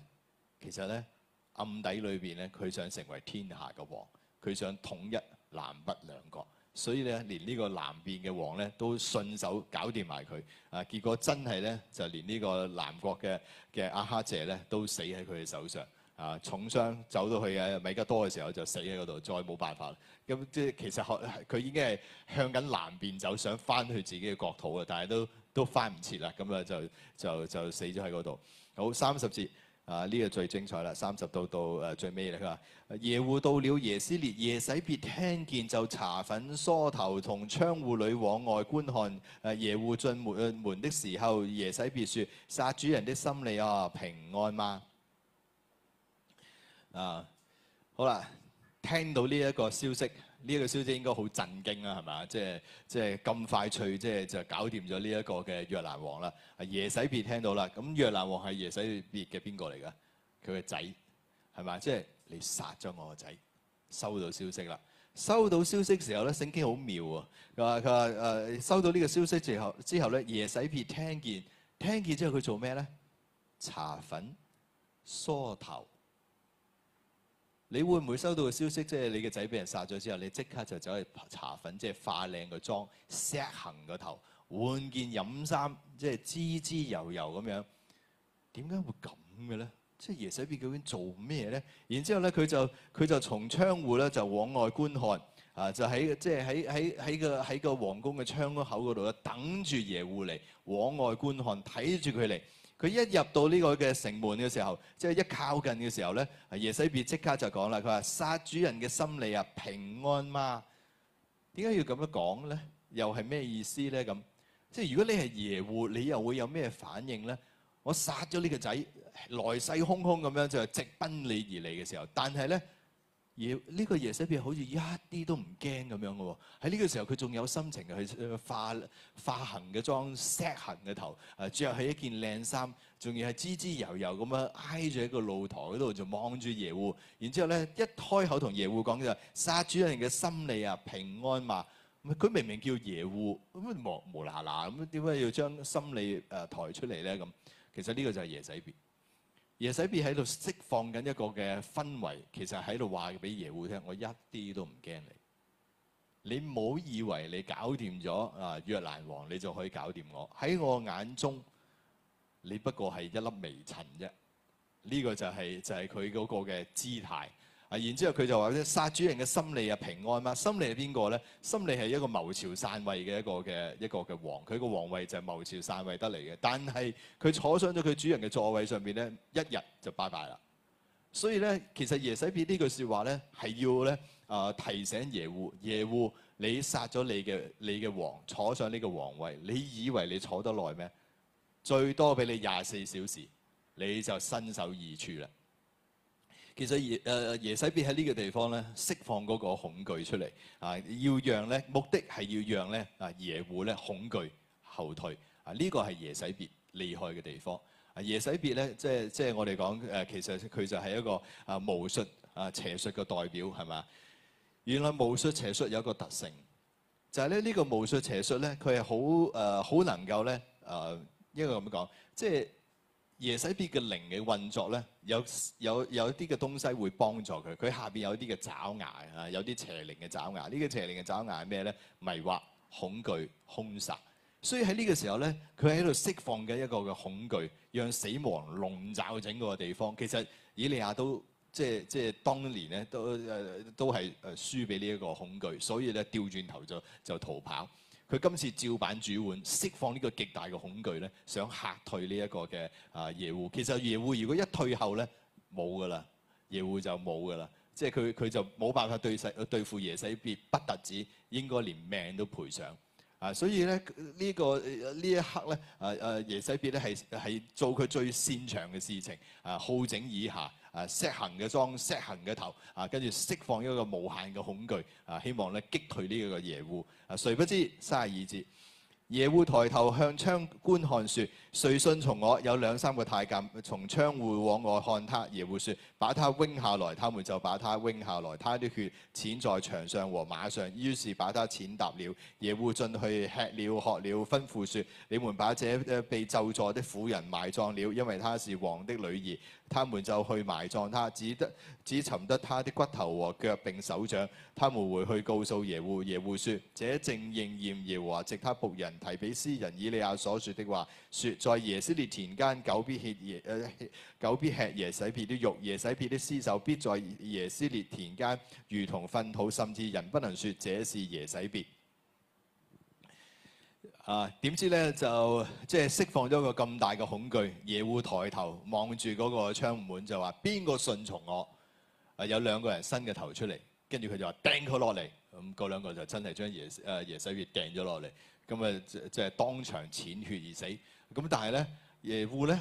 其實咧暗底裏邊咧，佢想成為天下嘅王。佢想統一南北兩國，所以咧連呢個南邊嘅王咧都順手搞掂埋佢啊！結果真係咧就連呢個南國嘅嘅亞哈謝咧都死喺佢嘅手上啊！重傷走到去嘅米加多嘅時候就死喺嗰度，再冇辦法啦。咁即係其實佢已經係向緊南邊走，想翻去自己嘅國土嘅，但係都都翻唔切啦。咁啊就就就死咗喺嗰度。好，三十節。啊！呢、這個最精彩啦，三十度到誒、啊、最尾啦。佢、啊、話：耶戶到了耶斯列，耶洗別聽見就搽粉梳頭，從窗戶裏往外觀看。誒、啊、耶戶進門門的時候，耶洗別説：殺主人的心裏啊、哦，平安嗎？啊，好啦，聽到呢一個消息。呢、這、一個消息應該好震驚啊，係嘛？即係即係咁快脆，即係就搞掂咗呢一個嘅越南王啦。耶洗別聽到啦，咁約蘭王係耶洗別嘅邊個嚟㗎？佢嘅仔係嘛？即係、就是、你殺咗我個仔，收到消息啦。收到消息時候咧，聖經好妙啊。佢話佢話誒，收到呢個消息之後之後咧，耶洗別聽見，聽見之後佢做咩咧？搽粉梳頭。你會唔會收到個消息？即係你嘅仔俾人殺咗之後，你即刻就走去搽粉，即係化靚個妝，錫痕個頭，換件飲衫，即係滋滋油油咁樣。點解會咁嘅咧？即係耶洗別究竟做咩咧？然之後咧，佢就佢就從窗戶咧就往外觀看，啊，就喺即係喺喺喺個喺個皇宮嘅窗口嗰度咧等住耶戶嚟，往外觀看，睇住佢嚟。佢一入到呢個嘅城門嘅時候，即係一靠近嘅時候咧，耶洗別即刻就講啦，佢話殺主人嘅心裏啊平安嗎？點解要咁樣講咧？又係咩意思咧？咁即係如果你係耶戶，你又會有咩反應咧？我殺咗呢個仔，來勢洶洶咁樣就直奔你而嚟嘅時候，但係咧。而呢、這個耶洗別好似一啲都唔驚咁樣嘅喎，喺呢個時候佢仲有心情去化化痕嘅妝、set 痕嘅頭，誒著起一件靚衫，仲要係姿姿油油咁樣挨住喺個露台嗰度就望住耶戶，然之後咧一開口同耶戶講就：殺主人嘅心利啊平安嘛，佢、嗯、明明叫耶戶，咁、嗯、無無啦啦咁點解要將心利誒抬、呃、出嚟咧？咁、嗯、其實呢個就係耶洗別。耶洗別喺度釋放緊一個嘅氛圍，其實喺度話俾耶和華聽：我一啲都唔驚你，你唔好以為你搞掂咗啊約蘭王，你就可以搞掂我。喺我眼中，你不過係一粒微塵啫。呢、這個就係、是、就係佢嗰個嘅姿態。然之後佢就話：咧殺主人嘅心利啊平安嘛，心利係邊個咧？心利係一個謀朝篡位嘅一個嘅一個嘅王，佢個王位就係謀朝篡位得嚟嘅。但係佢坐上咗佢主人嘅座位上邊咧，一日就拜拜啦。所以咧，其實耶洗別呢句説話咧，係要咧啊提醒耶戶：耶戶，你殺咗你嘅你嘅王，坐上呢個王位，你以為你坐得耐咩？最多俾你廿四小時，你就身首異處啦。其實耶誒耶洗別喺呢個地方咧，釋放嗰個恐懼出嚟啊！要讓咧目的係要讓咧啊耶戶咧恐懼後退啊！呢、這個係耶洗別厲害嘅地方啊！耶洗別咧即係即係我哋講、啊、其實佢就係一個啊巫術啊邪術嘅代表係嘛？原來巫術邪術有一個特性，就係咧呢個巫術邪術咧，佢係好誒好能夠咧誒，應該咁講，即係。耶洗別嘅靈嘅運作咧，有有有啲嘅東西會幫助佢。佢下邊有啲嘅爪牙啊，有啲邪靈嘅爪牙。呢個邪靈嘅爪牙係咩咧？迷惑、恐懼、兇殺。所以喺呢個時候咧，佢喺度釋放緊一個嘅恐懼，讓死亡籠罩整個地方。其實以利亞都即係即係當年咧，都誒都係誒輸俾呢一個恐懼，所以咧調轉頭就就逃跑。佢今次照板煮碗，釋放呢個極大嘅恐懼咧，想嚇退呢一個嘅啊耶戶。其實耶戶如果一退後咧，冇噶啦，耶戶就冇噶啦。即係佢佢就冇辦法對世對付耶洗別，不特止應該連命都賠上。啊，所以咧呢，這個呢一刻咧，啊啊耶洗別咧係係做佢最擅長嘅事情，啊好整以暇，啊識行嘅裝，識行嘅頭，啊跟住釋放一個無限嘅恐懼，啊希望咧擊退呢個耶戶，啊。誰不知卅二節，耶戶抬頭向窗觀看，說誰信從我有兩三個太監從窗戶往外看他耶戶說把他扔下來，他們就把他扔下來。他的血濺在牆上和馬上，於是把他踐踏了。耶戶進去吃了喝了，吩咐說：你們把這被咒詛的婦人埋葬了，因為她是王的女兒。他們就去埋葬她，只得只尋得她的骨頭和腳並手掌。他們回去告訴耶戶，耶戶說：這正應驗耶和華藉他僕人提比斯人以利亞所說的話，說在耶斯列田間，狗必吃耶誒，狗必吃耶洗別啲肉，耶洗別啲屍首，必在耶斯列田間如同糞土，甚至人不能説這是耶洗別啊。點知咧就即係釋放咗個咁大嘅恐懼，耶戶抬頭望住嗰個窗門就話：邊個順從我？啊、有兩個人伸個頭出嚟，跟住佢就話掟佢落嚟咁。嗰兩、那個、個就真係將耶誒、啊、耶洗別掟咗落嚟，咁啊即即係當場濺血而死。咁但係咧，耶戶咧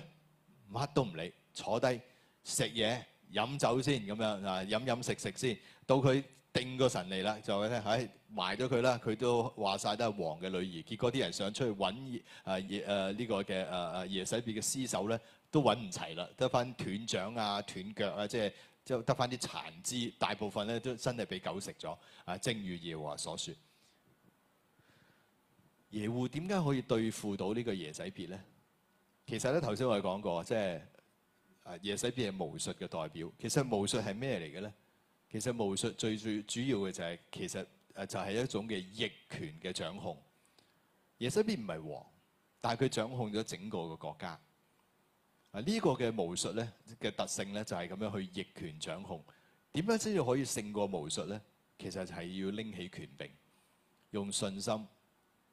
乜都唔理，坐低食嘢飲酒先咁樣啊，飲飲食食先，到佢定個神嚟啦，就話咧，埋咗佢啦，佢都話晒都係王嘅女兒。結果啲人想出去揾啊耶、啊這個啊啊、呢個嘅誒誒耶洗別嘅屍首咧，都揾唔齊啦，得翻斷掌啊、斷腳啊，即係即係得翻啲殘肢，大部分咧都真係畀狗食咗啊！正如耶和華所説。耶戶點解可以對付到這個椰呢個耶洗別咧？其實咧，頭先我哋講過，即係耶洗別係巫術嘅代表。其實巫術係咩嚟嘅咧？其實巫術最主主要嘅就係、是、其實就係一種嘅逆權嘅掌控。耶洗別唔係王，但係佢掌控咗整個嘅國家。啊，呢個嘅巫術咧嘅特性咧就係咁樣去逆權掌控。點樣先至可以勝過巫術咧？其實就係要拎起權柄，用信心。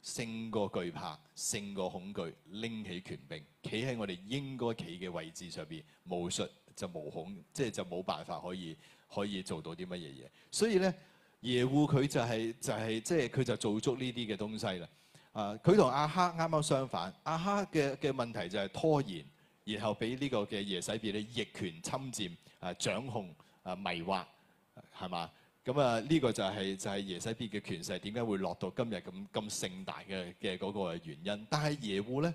勝過懼怕，勝過恐懼，拎起權柄，企喺我哋應該企嘅位置上邊，武術就冇恐，即係就冇辦法可以可以做到啲乜嘢嘢。所以咧，耶戶佢就係、是、就係即係佢就做足呢啲嘅東西啦。啊，佢同亞哈啱啱相反，亞哈嘅嘅問題就係拖延，然後俾呢個嘅耶洗別咧逆權侵佔、啊掌控、啊迷惑，係嘛？咁啊！呢個就係就係耶洗別嘅權勢，點解會落到今日咁咁盛大嘅嘅嗰個原因？但係耶戶咧，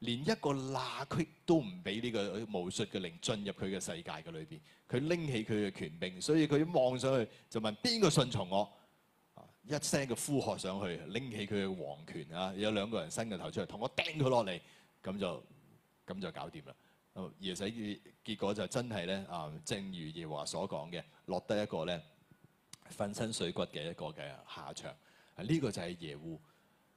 連一個罅隙都唔俾呢個巫術嘅靈進入佢嘅世界嘅裏邊。佢拎起佢嘅權柄，所以佢望上去就問，邊個順從我？一聲嘅呼喝上去，拎起佢嘅王權啊！有兩個人伸個頭出嚟，同我掟佢落嚟，咁就咁就搞掂啦。耶洗別結果就真係咧啊！正如耶華所講嘅，落得一個咧，粉身碎骨嘅一個嘅下場，啊、這、呢個就係耶戶。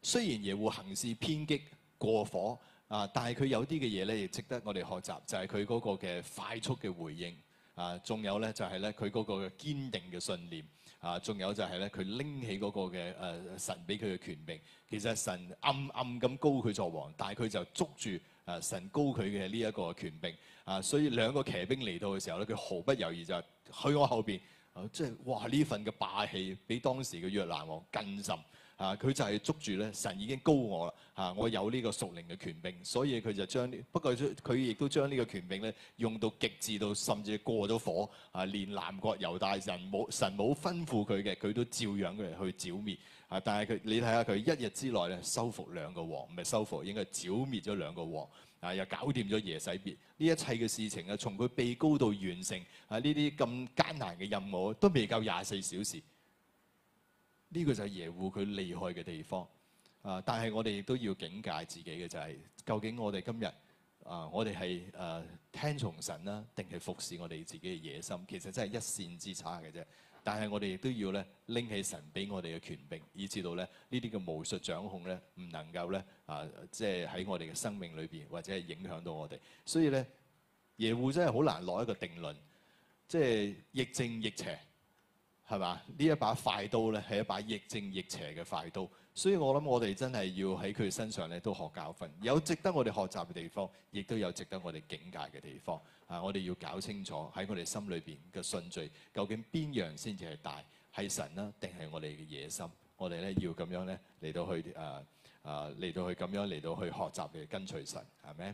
雖然耶戶行事偏激過火啊，但係佢有啲嘅嘢咧，亦值得我哋學習，就係佢嗰個嘅快速嘅回應啊，仲有咧就係咧佢嗰個嘅堅定嘅信念啊，仲有就係咧佢拎起嗰個嘅誒神俾佢嘅權柄。其實神暗暗咁膏佢作王，但係佢就捉住誒神膏佢嘅呢一個權柄啊，所以兩個騎兵嚟到嘅時候咧，佢毫不猶豫就去我後邊。即係哇！呢份嘅霸氣比當時嘅約蘭王更甚啊！佢就係捉住咧，神已經高我啦啊！我有呢個屬靈嘅權柄，所以佢就將呢，不過佢亦都將呢個權柄咧用到極致，到甚至過咗火啊！連南國猶大神冇，神冇吩咐佢嘅，佢都照樣嘅去剿滅啊！但係佢，你睇下佢一日之內咧收服兩個王，唔係收服，應該剿滅咗兩個王。啊！又搞掂咗耶洗別呢一切嘅事情啊，從佢被膏到完成啊，呢啲咁艱難嘅任務都未夠廿四小時。呢、這個就係耶戶佢厲害嘅地方啊！但係我哋亦都要警戒自己嘅就係、是，究竟我哋今日啊，我哋係誒聽從神啦，定係服侍我哋自己嘅野心？其實真係一線之差嘅啫。但係我哋亦都要咧拎起神俾我哋嘅權柄，以至到咧呢啲嘅巫術掌控咧唔能夠咧啊，即係喺我哋嘅生命裏邊或者係影響到我哋。所以咧耶和華真係好難落一個定論，即係亦正亦邪，係嘛？呢一把快刀咧係一把亦正亦邪嘅快刀。所以我諗我哋真係要喺佢身上咧都學教訓，有值得我哋學習嘅地方，亦都有值得我哋警戒嘅地方。啊，我哋要搞清楚喺我哋心裏邊嘅順序，究竟邊樣先至係大，係神呢，定係我哋嘅野心？我哋咧要咁樣咧嚟到去誒、誒、嚟到去咁樣嚟到去學習嘅跟隨神，係咪？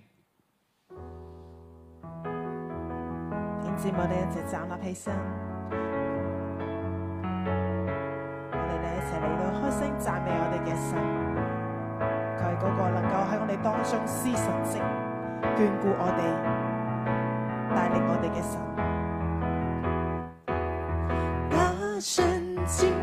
點知我哋一直站立起身？嚟到開聲讚美我哋嘅神，佢係嗰個能夠喺我哋當中施神蹟、眷顧我哋、帶領我哋嘅神。心。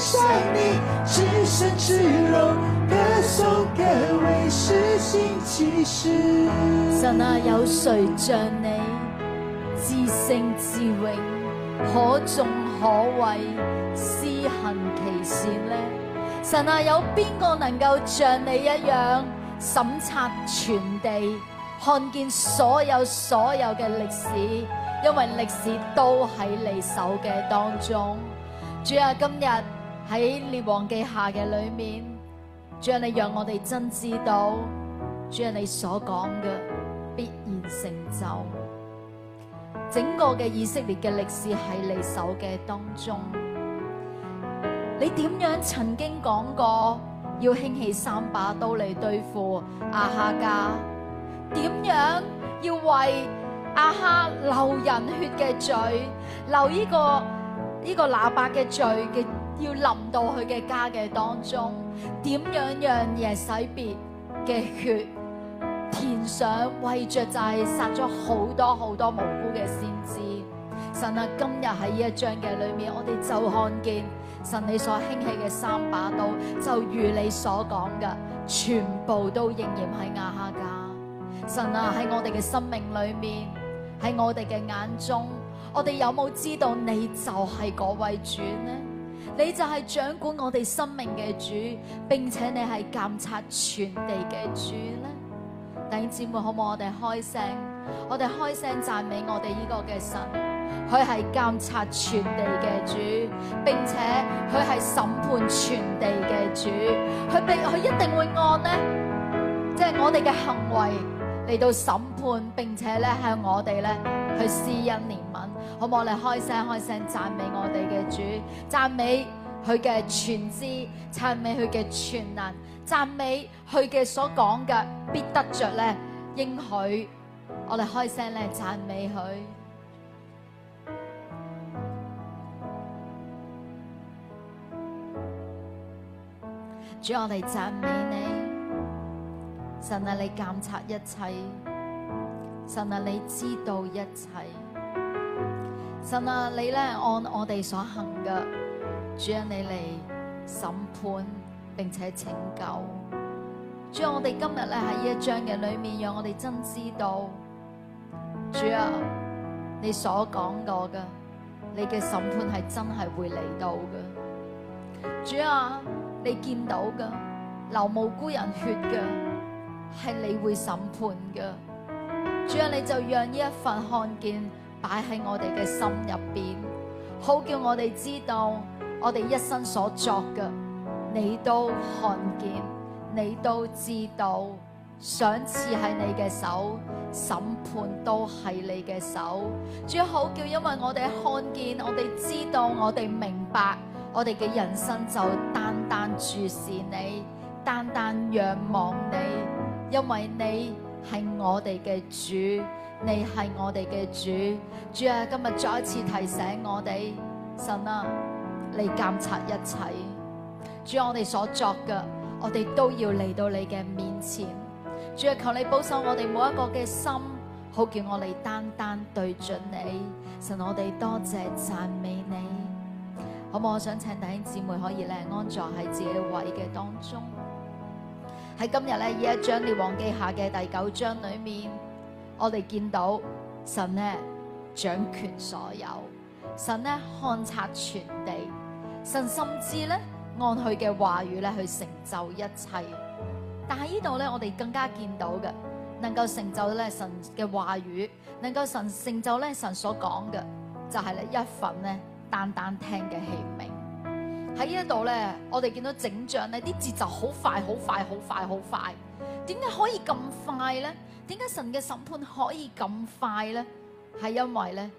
是你是各位是心其神啊，有誰像你至聖至榮，可頌可畏，施行奇事呢？神啊，有邊個能夠像你一樣審察全地，看見所有所有嘅歷史？因為歷史都喺你手嘅當中。主啊，今日。喺列王記下嘅裏面，主你讓我哋真知道，主你所講嘅必然成就。整個嘅以色列嘅歷史喺你手嘅當中。你點樣曾經講過要興起三把刀嚟對付亞哈家？點樣要為亞哈流人血嘅罪，流呢個呢個喇叭嘅罪嘅？的要臨到佢嘅家嘅當中，點樣讓耶洗別嘅血填上？為着就係殺咗好多好多無辜嘅先知。神啊，今日喺呢一章嘅裏面，我哋就看見神你所興起嘅三把刀，就如你所講嘅，全部都仍然係亞哈家。神啊，喺我哋嘅生命裏面，喺我哋嘅眼中，我哋有冇知道你就係嗰位主呢？你就係掌管我哋生命嘅主，並且你係監察全地嘅主咧。弟兄姊妹，好唔好？我哋開聲？我哋開聲讚美我哋呢個嘅神，佢係監察全地嘅主，並且佢係審判全地嘅主，佢必佢一定會按呢，即係我哋嘅行為嚟到審判，並且咧向我哋咧去施恩憐憫。好，我哋開聲開聲讚美我哋嘅主，讚美佢嘅全知，讚美佢嘅全能，讚美佢嘅所講嘅必得着咧應許。我哋開聲咧讚美佢，主，我哋讚美你，神啊，你監察一切，神啊，你知道一切。神啊，你咧按我哋所行嘅，主啊你嚟審判並且拯救。主啊我哋今日咧喺呢一章嘅裏面，讓我哋真知道，主啊你所講過嘅，你嘅審判係真係會嚟到嘅，主啊你見到嘅流無辜人血嘅係你會審判嘅，主啊你就讓呢一份看見。擺喺我哋嘅心入邊，好叫我哋知道我哋一生所作嘅，你都看見，你都知道，賞賜係你嘅手，審判都係你嘅手，最好叫，因為我哋看見，我哋知道，我哋明白，我哋嘅人生就單單注視你，單單仰望你，因為你係我哋嘅主。你係我哋嘅主，主啊，今日再一次提醒我哋，神啊，你監察一切，主啊，我哋所作嘅，我哋都要嚟到你嘅面前。主啊，求你保守我哋每一個嘅心，好叫我哋單單對準你。神啊，我哋多謝讚美你，好唔好？我想請弟兄姊妹可以咧安坐喺自己位嘅當中，喺今日咧呢一章列王記下嘅第九章裏面。我哋見到神咧掌權所有，神咧看察全地，神甚至咧按佢嘅話語咧去成就一切。但喺呢度咧，我哋更加見到嘅，能夠成就咧神嘅話語，能夠神成就咧神所講嘅，就係咧一份咧單單聽嘅器皿。喺呢一度咧，我哋見到整章咧啲節奏好快，好快，好快，好快。點解可以咁快咧？點解神嘅審判可以咁快咧？係因為咧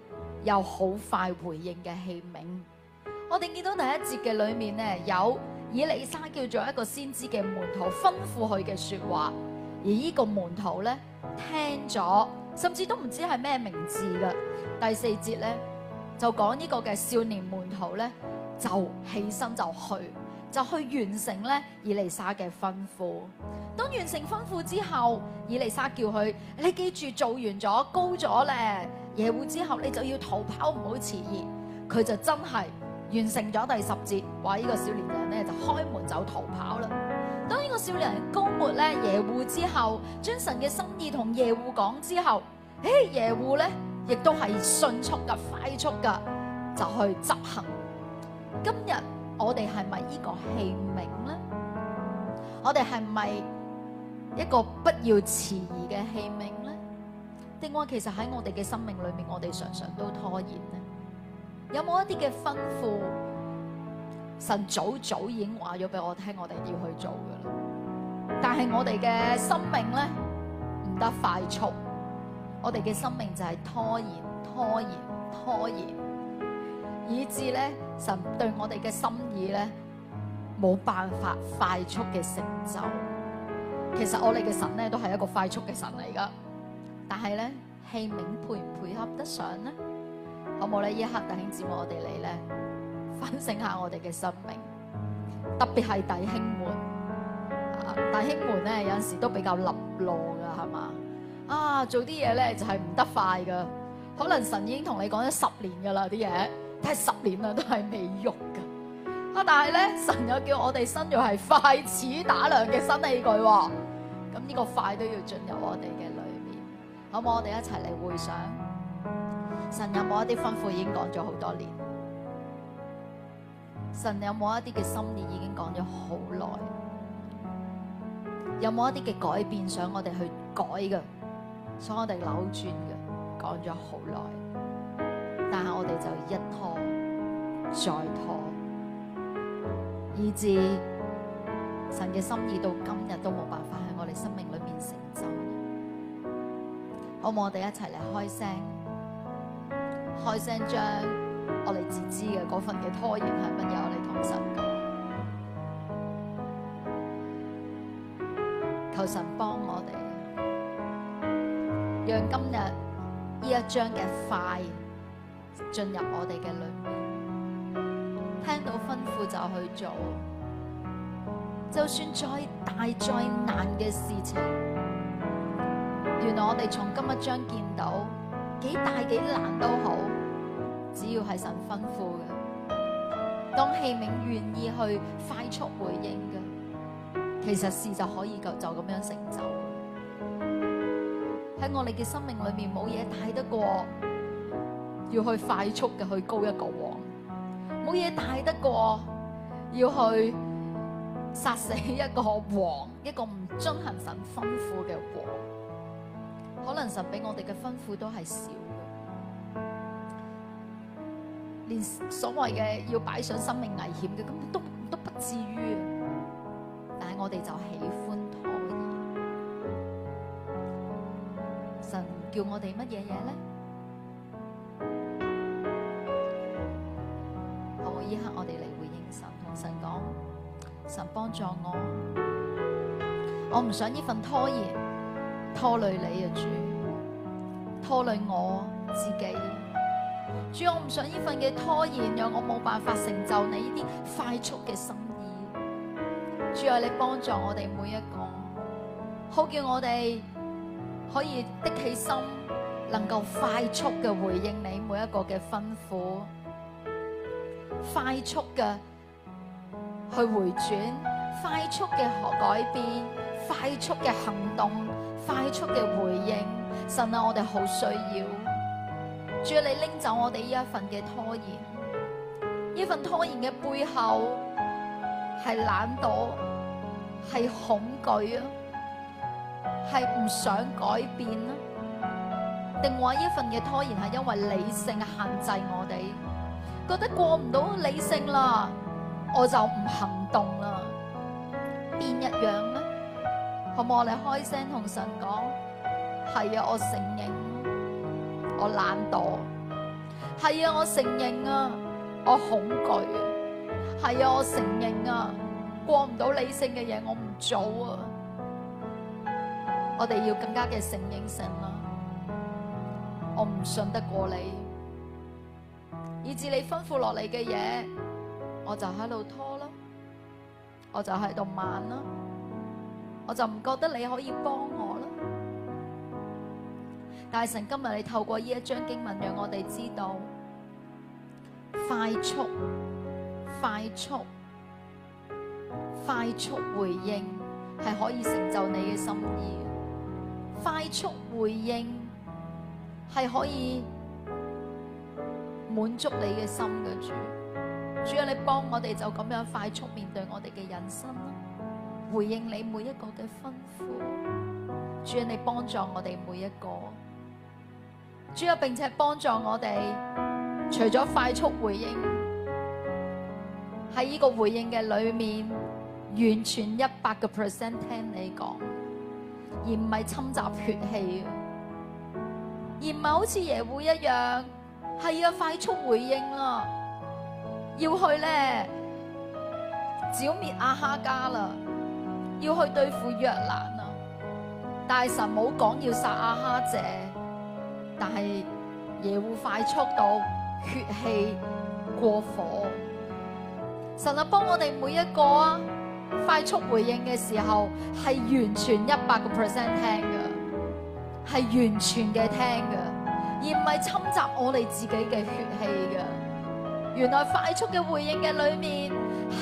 有好快回應嘅器皿。我哋見到第一節嘅裏面咧，有以利沙叫做一個先知嘅門徒吩咐佢嘅說話，而呢個門徒咧聽咗，甚至都唔知係咩名字㗎。第四節咧就講呢個嘅少年門徒咧就起身就去。就去完成咧以利沙嘅吩咐。當完成吩咐之後，以利沙叫佢：你記住做完咗高咗咧耶戶之後，你就要逃跑，唔好遲疑。佢就真係完成咗第十節，話呢個少年人咧就開門就逃跑啦。當呢個少年人高末咧耶戶之後，將神嘅心意同耶戶講之後，誒耶戶咧亦都係迅速嘅快速嘅就去執行。今日。我哋係咪呢個器皿咧？我哋係咪一個不要遲疑嘅器皿咧？定話，其實喺我哋嘅生命裏面，我哋常常都拖延咧。有冇一啲嘅吩咐？神早早已經話咗俾我聽，我哋要去做噶啦。但係我哋嘅生命咧，唔得快速。我哋嘅生命就係拖延、拖延、拖延。以致咧神對我哋嘅心意咧，冇辦法快速嘅成就。其實我哋嘅神咧都係一個快速嘅神嚟噶，但係咧，器皿配唔配合得上咧？好冇呢一刻弟兄姊妹，我哋嚟咧反省下我哋嘅生命，特別係弟兄們。弟兄們、啊、弟兄們咧有陣時都比較立落噶，係嘛？啊，做啲嘢咧就係、是、唔得快噶，可能神已經同你講咗十年噶啦啲嘢。睇十年啦，都係未喐噶。啊，但係咧，神有叫我哋新約係快似打量嘅新器具，哦。咁呢個快都要進入我哋嘅裏面。好冇？我哋一齊嚟回想，神有冇一啲吩咐已經講咗好多年？神有冇一啲嘅心意已經講咗好耐？有冇一啲嘅改變想我哋去改嘅，想我哋扭轉嘅？講咗好耐。但係我哋就一拖再拖，以至神嘅心意到今日都冇辦法喺我哋生命裏面成就。可我哋一齊嚟開聲？開聲將我哋自知嘅嗰份嘅拖延係乜嘢？我哋同神講，求神幫我哋，讓今日呢一章嘅快。進入我哋嘅裏面，聽到吩咐，就去做，就算再大再難嘅事情，原來我哋從今日將見到幾大幾難都好，只要係神吩咐嘅，當器皿願意去快速回應嘅，其實事就可以夠就咁樣成就。喺我哋嘅生命裏面，冇嘢大得過要去快速嘅去高一個王，冇嘢大得過要去殺死一個王，一個唔遵行神吩咐嘅王。可能神俾我哋嘅吩咐都係少嘅，連所謂嘅要擺上生命危險嘅，咁都都不至於。但係我哋就喜歡妥協。神叫我哋乜嘢嘢咧？神幫助我，我唔想呢份拖延拖累你啊，主，拖累我自己。主，我唔想呢份嘅拖延讓我冇辦法成就你呢啲快速嘅心意。主啊，你幫助我哋每一個，好叫我哋可以的起心，能夠快速嘅回應你每一個嘅吩咐，快速嘅。去回轉，快速嘅改變，快速嘅行動，快速嘅回應，神啊，我哋好需要，主啊，你拎走我哋呢一份嘅拖延，呢份拖延嘅背後係懶惰，係恐懼啊，係唔想改變啊，定話呢一份嘅拖延係因為理性限制我哋，覺得過唔到理性啦。我就唔行動啦，變一樣咧，好唔我哋開聲同神講，係啊，我承認，我懶惰，係啊，我承認啊，我恐懼，係啊，我承認啊，過唔到理性嘅嘢，我唔做啊，我哋要更加嘅承認神啦，我唔信得過你，以至你吩咐落嚟嘅嘢。我就喺度拖咯，我就喺度慢啦，我就唔覺得你可以幫我啦。但係神今日你透過呢一章經文，讓我哋知道快速、快速、快速回應係可以成就你嘅心意的，快速回應係可以滿足你嘅心嘅主。主啊，你幫我哋就咁樣快速面對我哋嘅人生咯，回應你每一個嘅吩咐。主啊，你幫助我哋每一個。主啊，並且幫助我哋，除咗快速回應，喺呢個回應嘅裏面，完全一百個 percent 聽你講，而唔係侵襲血氣，而唔係好似耶戶一樣，係啊，快速回應咯、啊。要去咧剿滅阿哈家啦，要去對付約蘭啊！大神冇講要殺阿哈姐，但係嘢會快速到血氣過火。神啊，幫我哋每一個啊，快速回應嘅時候係完全一百個 percent 聽噶，係完全嘅聽噶，而唔係侵襲我哋自己嘅血氣噶。原來快速嘅回應嘅裏面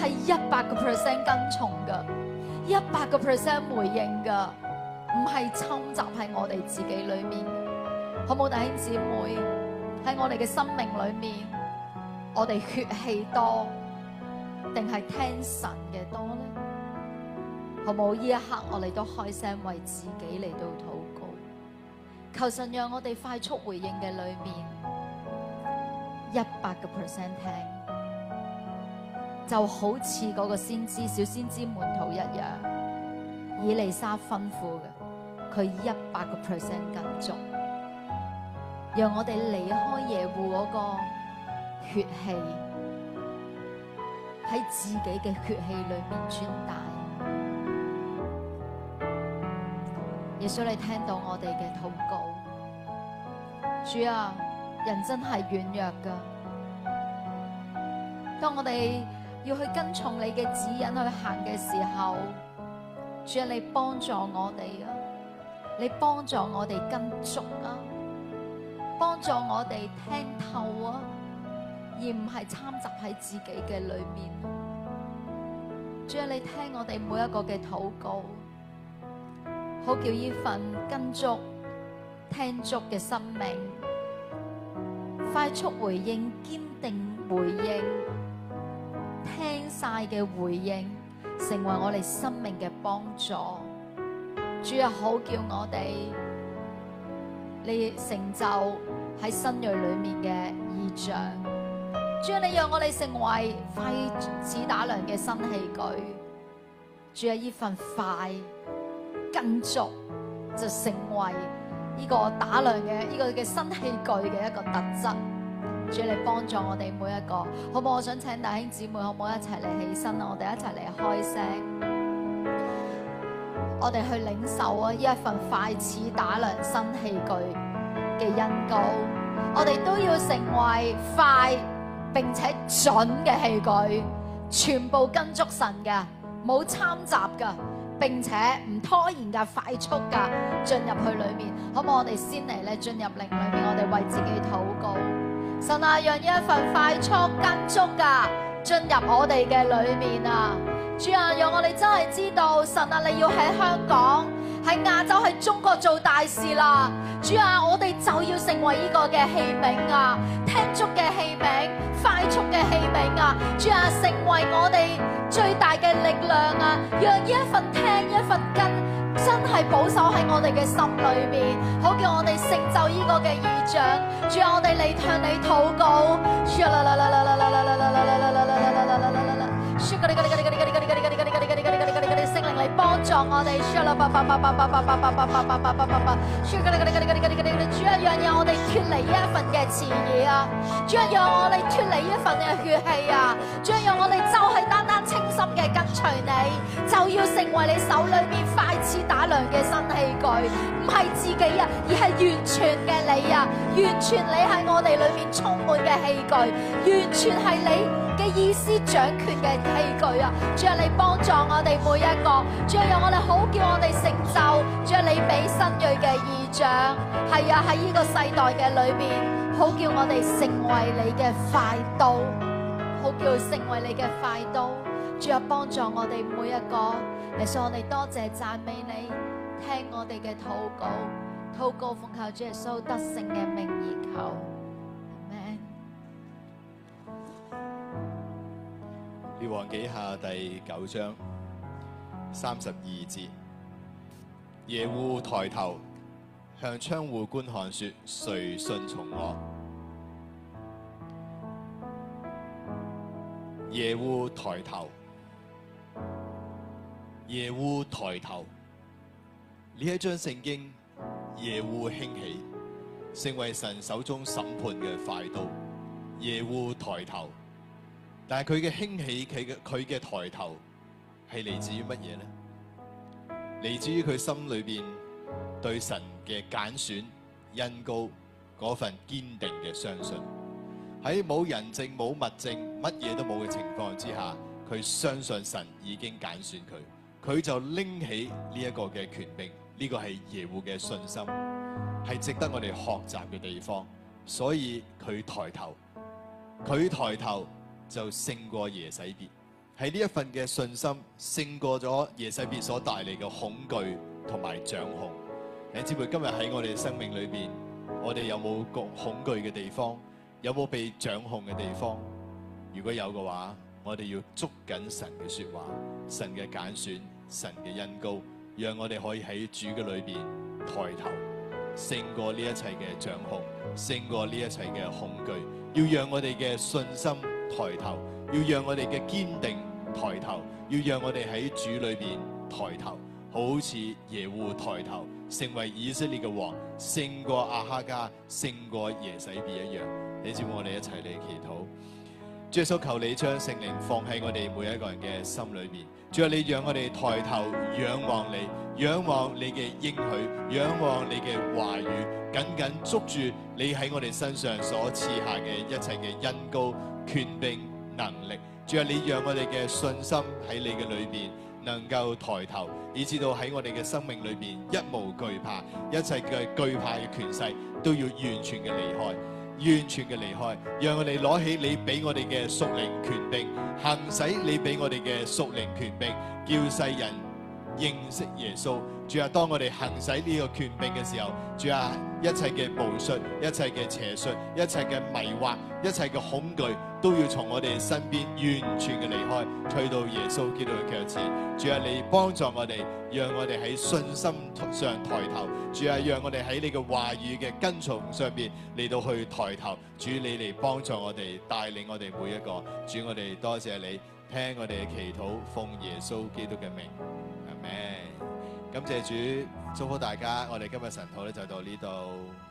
係一百個 percent 跟從㗎，一百個 percent 回應㗎，唔係侵襲喺我哋自己裏面。好冇？弟兄姊妹，喺我哋嘅生命裏面，我哋血氣多定係聽神嘅多呢？好冇？呢一刻我哋都開聲為自己嚟到禱告，求神讓我哋快速回應嘅裏面。一百個 percent 聽，就好似嗰個先知、小先知門徒一樣，以利沙吩咐嘅，佢一百個 percent 跟足，讓我哋離開耶戶嗰個血氣，喺自己嘅血氣裏面轉大。耶穌，你聽到我哋嘅禱告，主啊！.人真係軟弱噶，當我哋要去跟從你嘅指引去行嘅時候，主要你幫助我哋啊，你幫助我哋跟足啊，幫助我哋聽透啊，而唔係摻雜喺自己嘅裏面。主要你聽我哋每一個嘅禱告，好叫呢份跟足、聽足嘅生命。快速回應，堅定回應，聽晒嘅回應，成為我哋生命嘅幫助。主啊，好叫我哋，你成就喺新蕊裏面嘅異象。主啊，你讓我哋成為快指打量嘅新器具。主啊，呢份快跟足就成為。呢、這個打量嘅呢、這個嘅新器具嘅一個特質，主要嚟幫助我哋每一個，好唔好？我想請弟兄姊妹，好唔好一齊嚟起身啊？我哋一齊嚟開聲，我哋去領受啊！呢一份快似打量新器具嘅恩膏。我哋都要成為快並且準嘅器具，全部跟足神嘅，冇摻雜噶。並且唔拖延噶，快速噶進入去裏面，可唔可以我哋先嚟咧進入靈裏面，我哋為自己禱告，神啊，讓呢一份快速跟足噶進入我哋嘅裏面啊！主啊，讓我哋真係知道，神啊，你要喺香港、喺亞洲、喺中國做大事啦！主啊，我哋就要成為呢個嘅器皿啊！聽足嘅器皿，快速嘅器皿啊！主啊，成為我哋最大嘅力量啊！讓呢一份聽，一份跟，真係保守喺我哋嘅心裏面，好叫我哋成就呢個嘅異象。主啊，我哋嚟向你禱告。 要有我哋說啦，爸主啊，讓讓我哋脱離呢一份嘅自義啊，主啊，讓我哋脫離呢一份嘅血氣啊，主啊，讓我哋就係單單清心嘅跟隨你，就要成為你手裏面快似打量嘅新器具，唔係自己啊，而係完全嘅你啊，完全你喺我哋裏面充滿嘅器具，完全係你。嘅意思掌權嘅器具啊！主啊，你幫助我哋每一個，主啊，讓我哋好叫我哋成就，主啊，你俾新蕊嘅異象，係啊喺呢個世代嘅裏面，好叫我哋成為你嘅快刀，好叫成為你嘅快刀。主啊，幫助我哋每一個，耶穌，我哋多謝讚美你，聽我哋嘅禱告，禱告奉靠主耶穌得勝嘅名而求。列王紀下第九章三十二節，耶戶抬頭向窗戶觀看，說：誰順從我？耶戶抬頭，耶戶抬頭，呢一張聖經，耶戶興起，成為神手中審判嘅快刀，耶戶抬頭。但係佢嘅興起，佢嘅佢嘅抬頭是來，係嚟自於乜嘢咧？嚟自於佢心裏邊對神嘅揀選、印告嗰份堅定嘅相信。喺冇人證、冇物證、乜嘢都冇嘅情況之下，佢相信神已經揀選佢，佢就拎起呢一個嘅權柄。呢、這個係耶戶嘅信心，係值得我哋學習嘅地方。所以佢抬頭，佢抬頭。就勝過耶洗別喺呢一份嘅信心，勝過咗耶洗別所帶嚟嘅恐懼同埋掌控。你知唔知今日喺我哋嘅生命裏邊，我哋有冇恐恐懼嘅地方？有冇被掌控嘅地方？如果有嘅話，我哋要捉緊神嘅説話、神嘅揀選、神嘅恩膏，讓我哋可以喺主嘅裏邊抬頭，勝過呢一切嘅掌控，勝過呢一切嘅恐懼。要讓我哋嘅信心。抬頭，要讓我哋嘅堅定抬頭，要讓我哋喺主裏邊抬頭，好似耶戶抬頭，成為以色列嘅王，勝過亞哈家，勝過耶洗別一樣。你知唔知。我哋一齊嚟祈禱。主耶穌，求你將聖靈放喺我哋每一個人嘅心裏面。主啊，你讓我哋抬頭仰望你，仰望你嘅應許，仰望你嘅話語，緊緊捉住你喺我哋身上所賜下嘅一切嘅恩膏。權柄能力，仲有你讓我哋嘅信心喺你嘅裏邊，能夠抬頭，以致到喺我哋嘅生命裏邊一無懼怕，一切嘅懼怕嘅權勢都要完全嘅離開，完全嘅離開，讓我哋攞起你俾我哋嘅屬靈權柄，行使你俾我哋嘅屬靈權柄，叫世人。認識耶穌，主啊！當我哋行使呢個權柄嘅時候，主啊！一切嘅巫術、一切嘅邪術、一切嘅迷惑、一切嘅恐懼，都要從我哋身邊完全嘅離開，退到耶穌基督嘅腳前。主啊！你幫助我哋，讓我哋喺信心上抬頭。主啊！讓我哋喺你嘅話語嘅跟從上邊嚟到去抬頭。主你嚟幫助我哋，帶領我哋每一個。主我哋多謝你，聽我哋嘅祈禱，奉耶穌基督嘅名。感謝主，祝福大家，我哋今日神討咧就到呢度。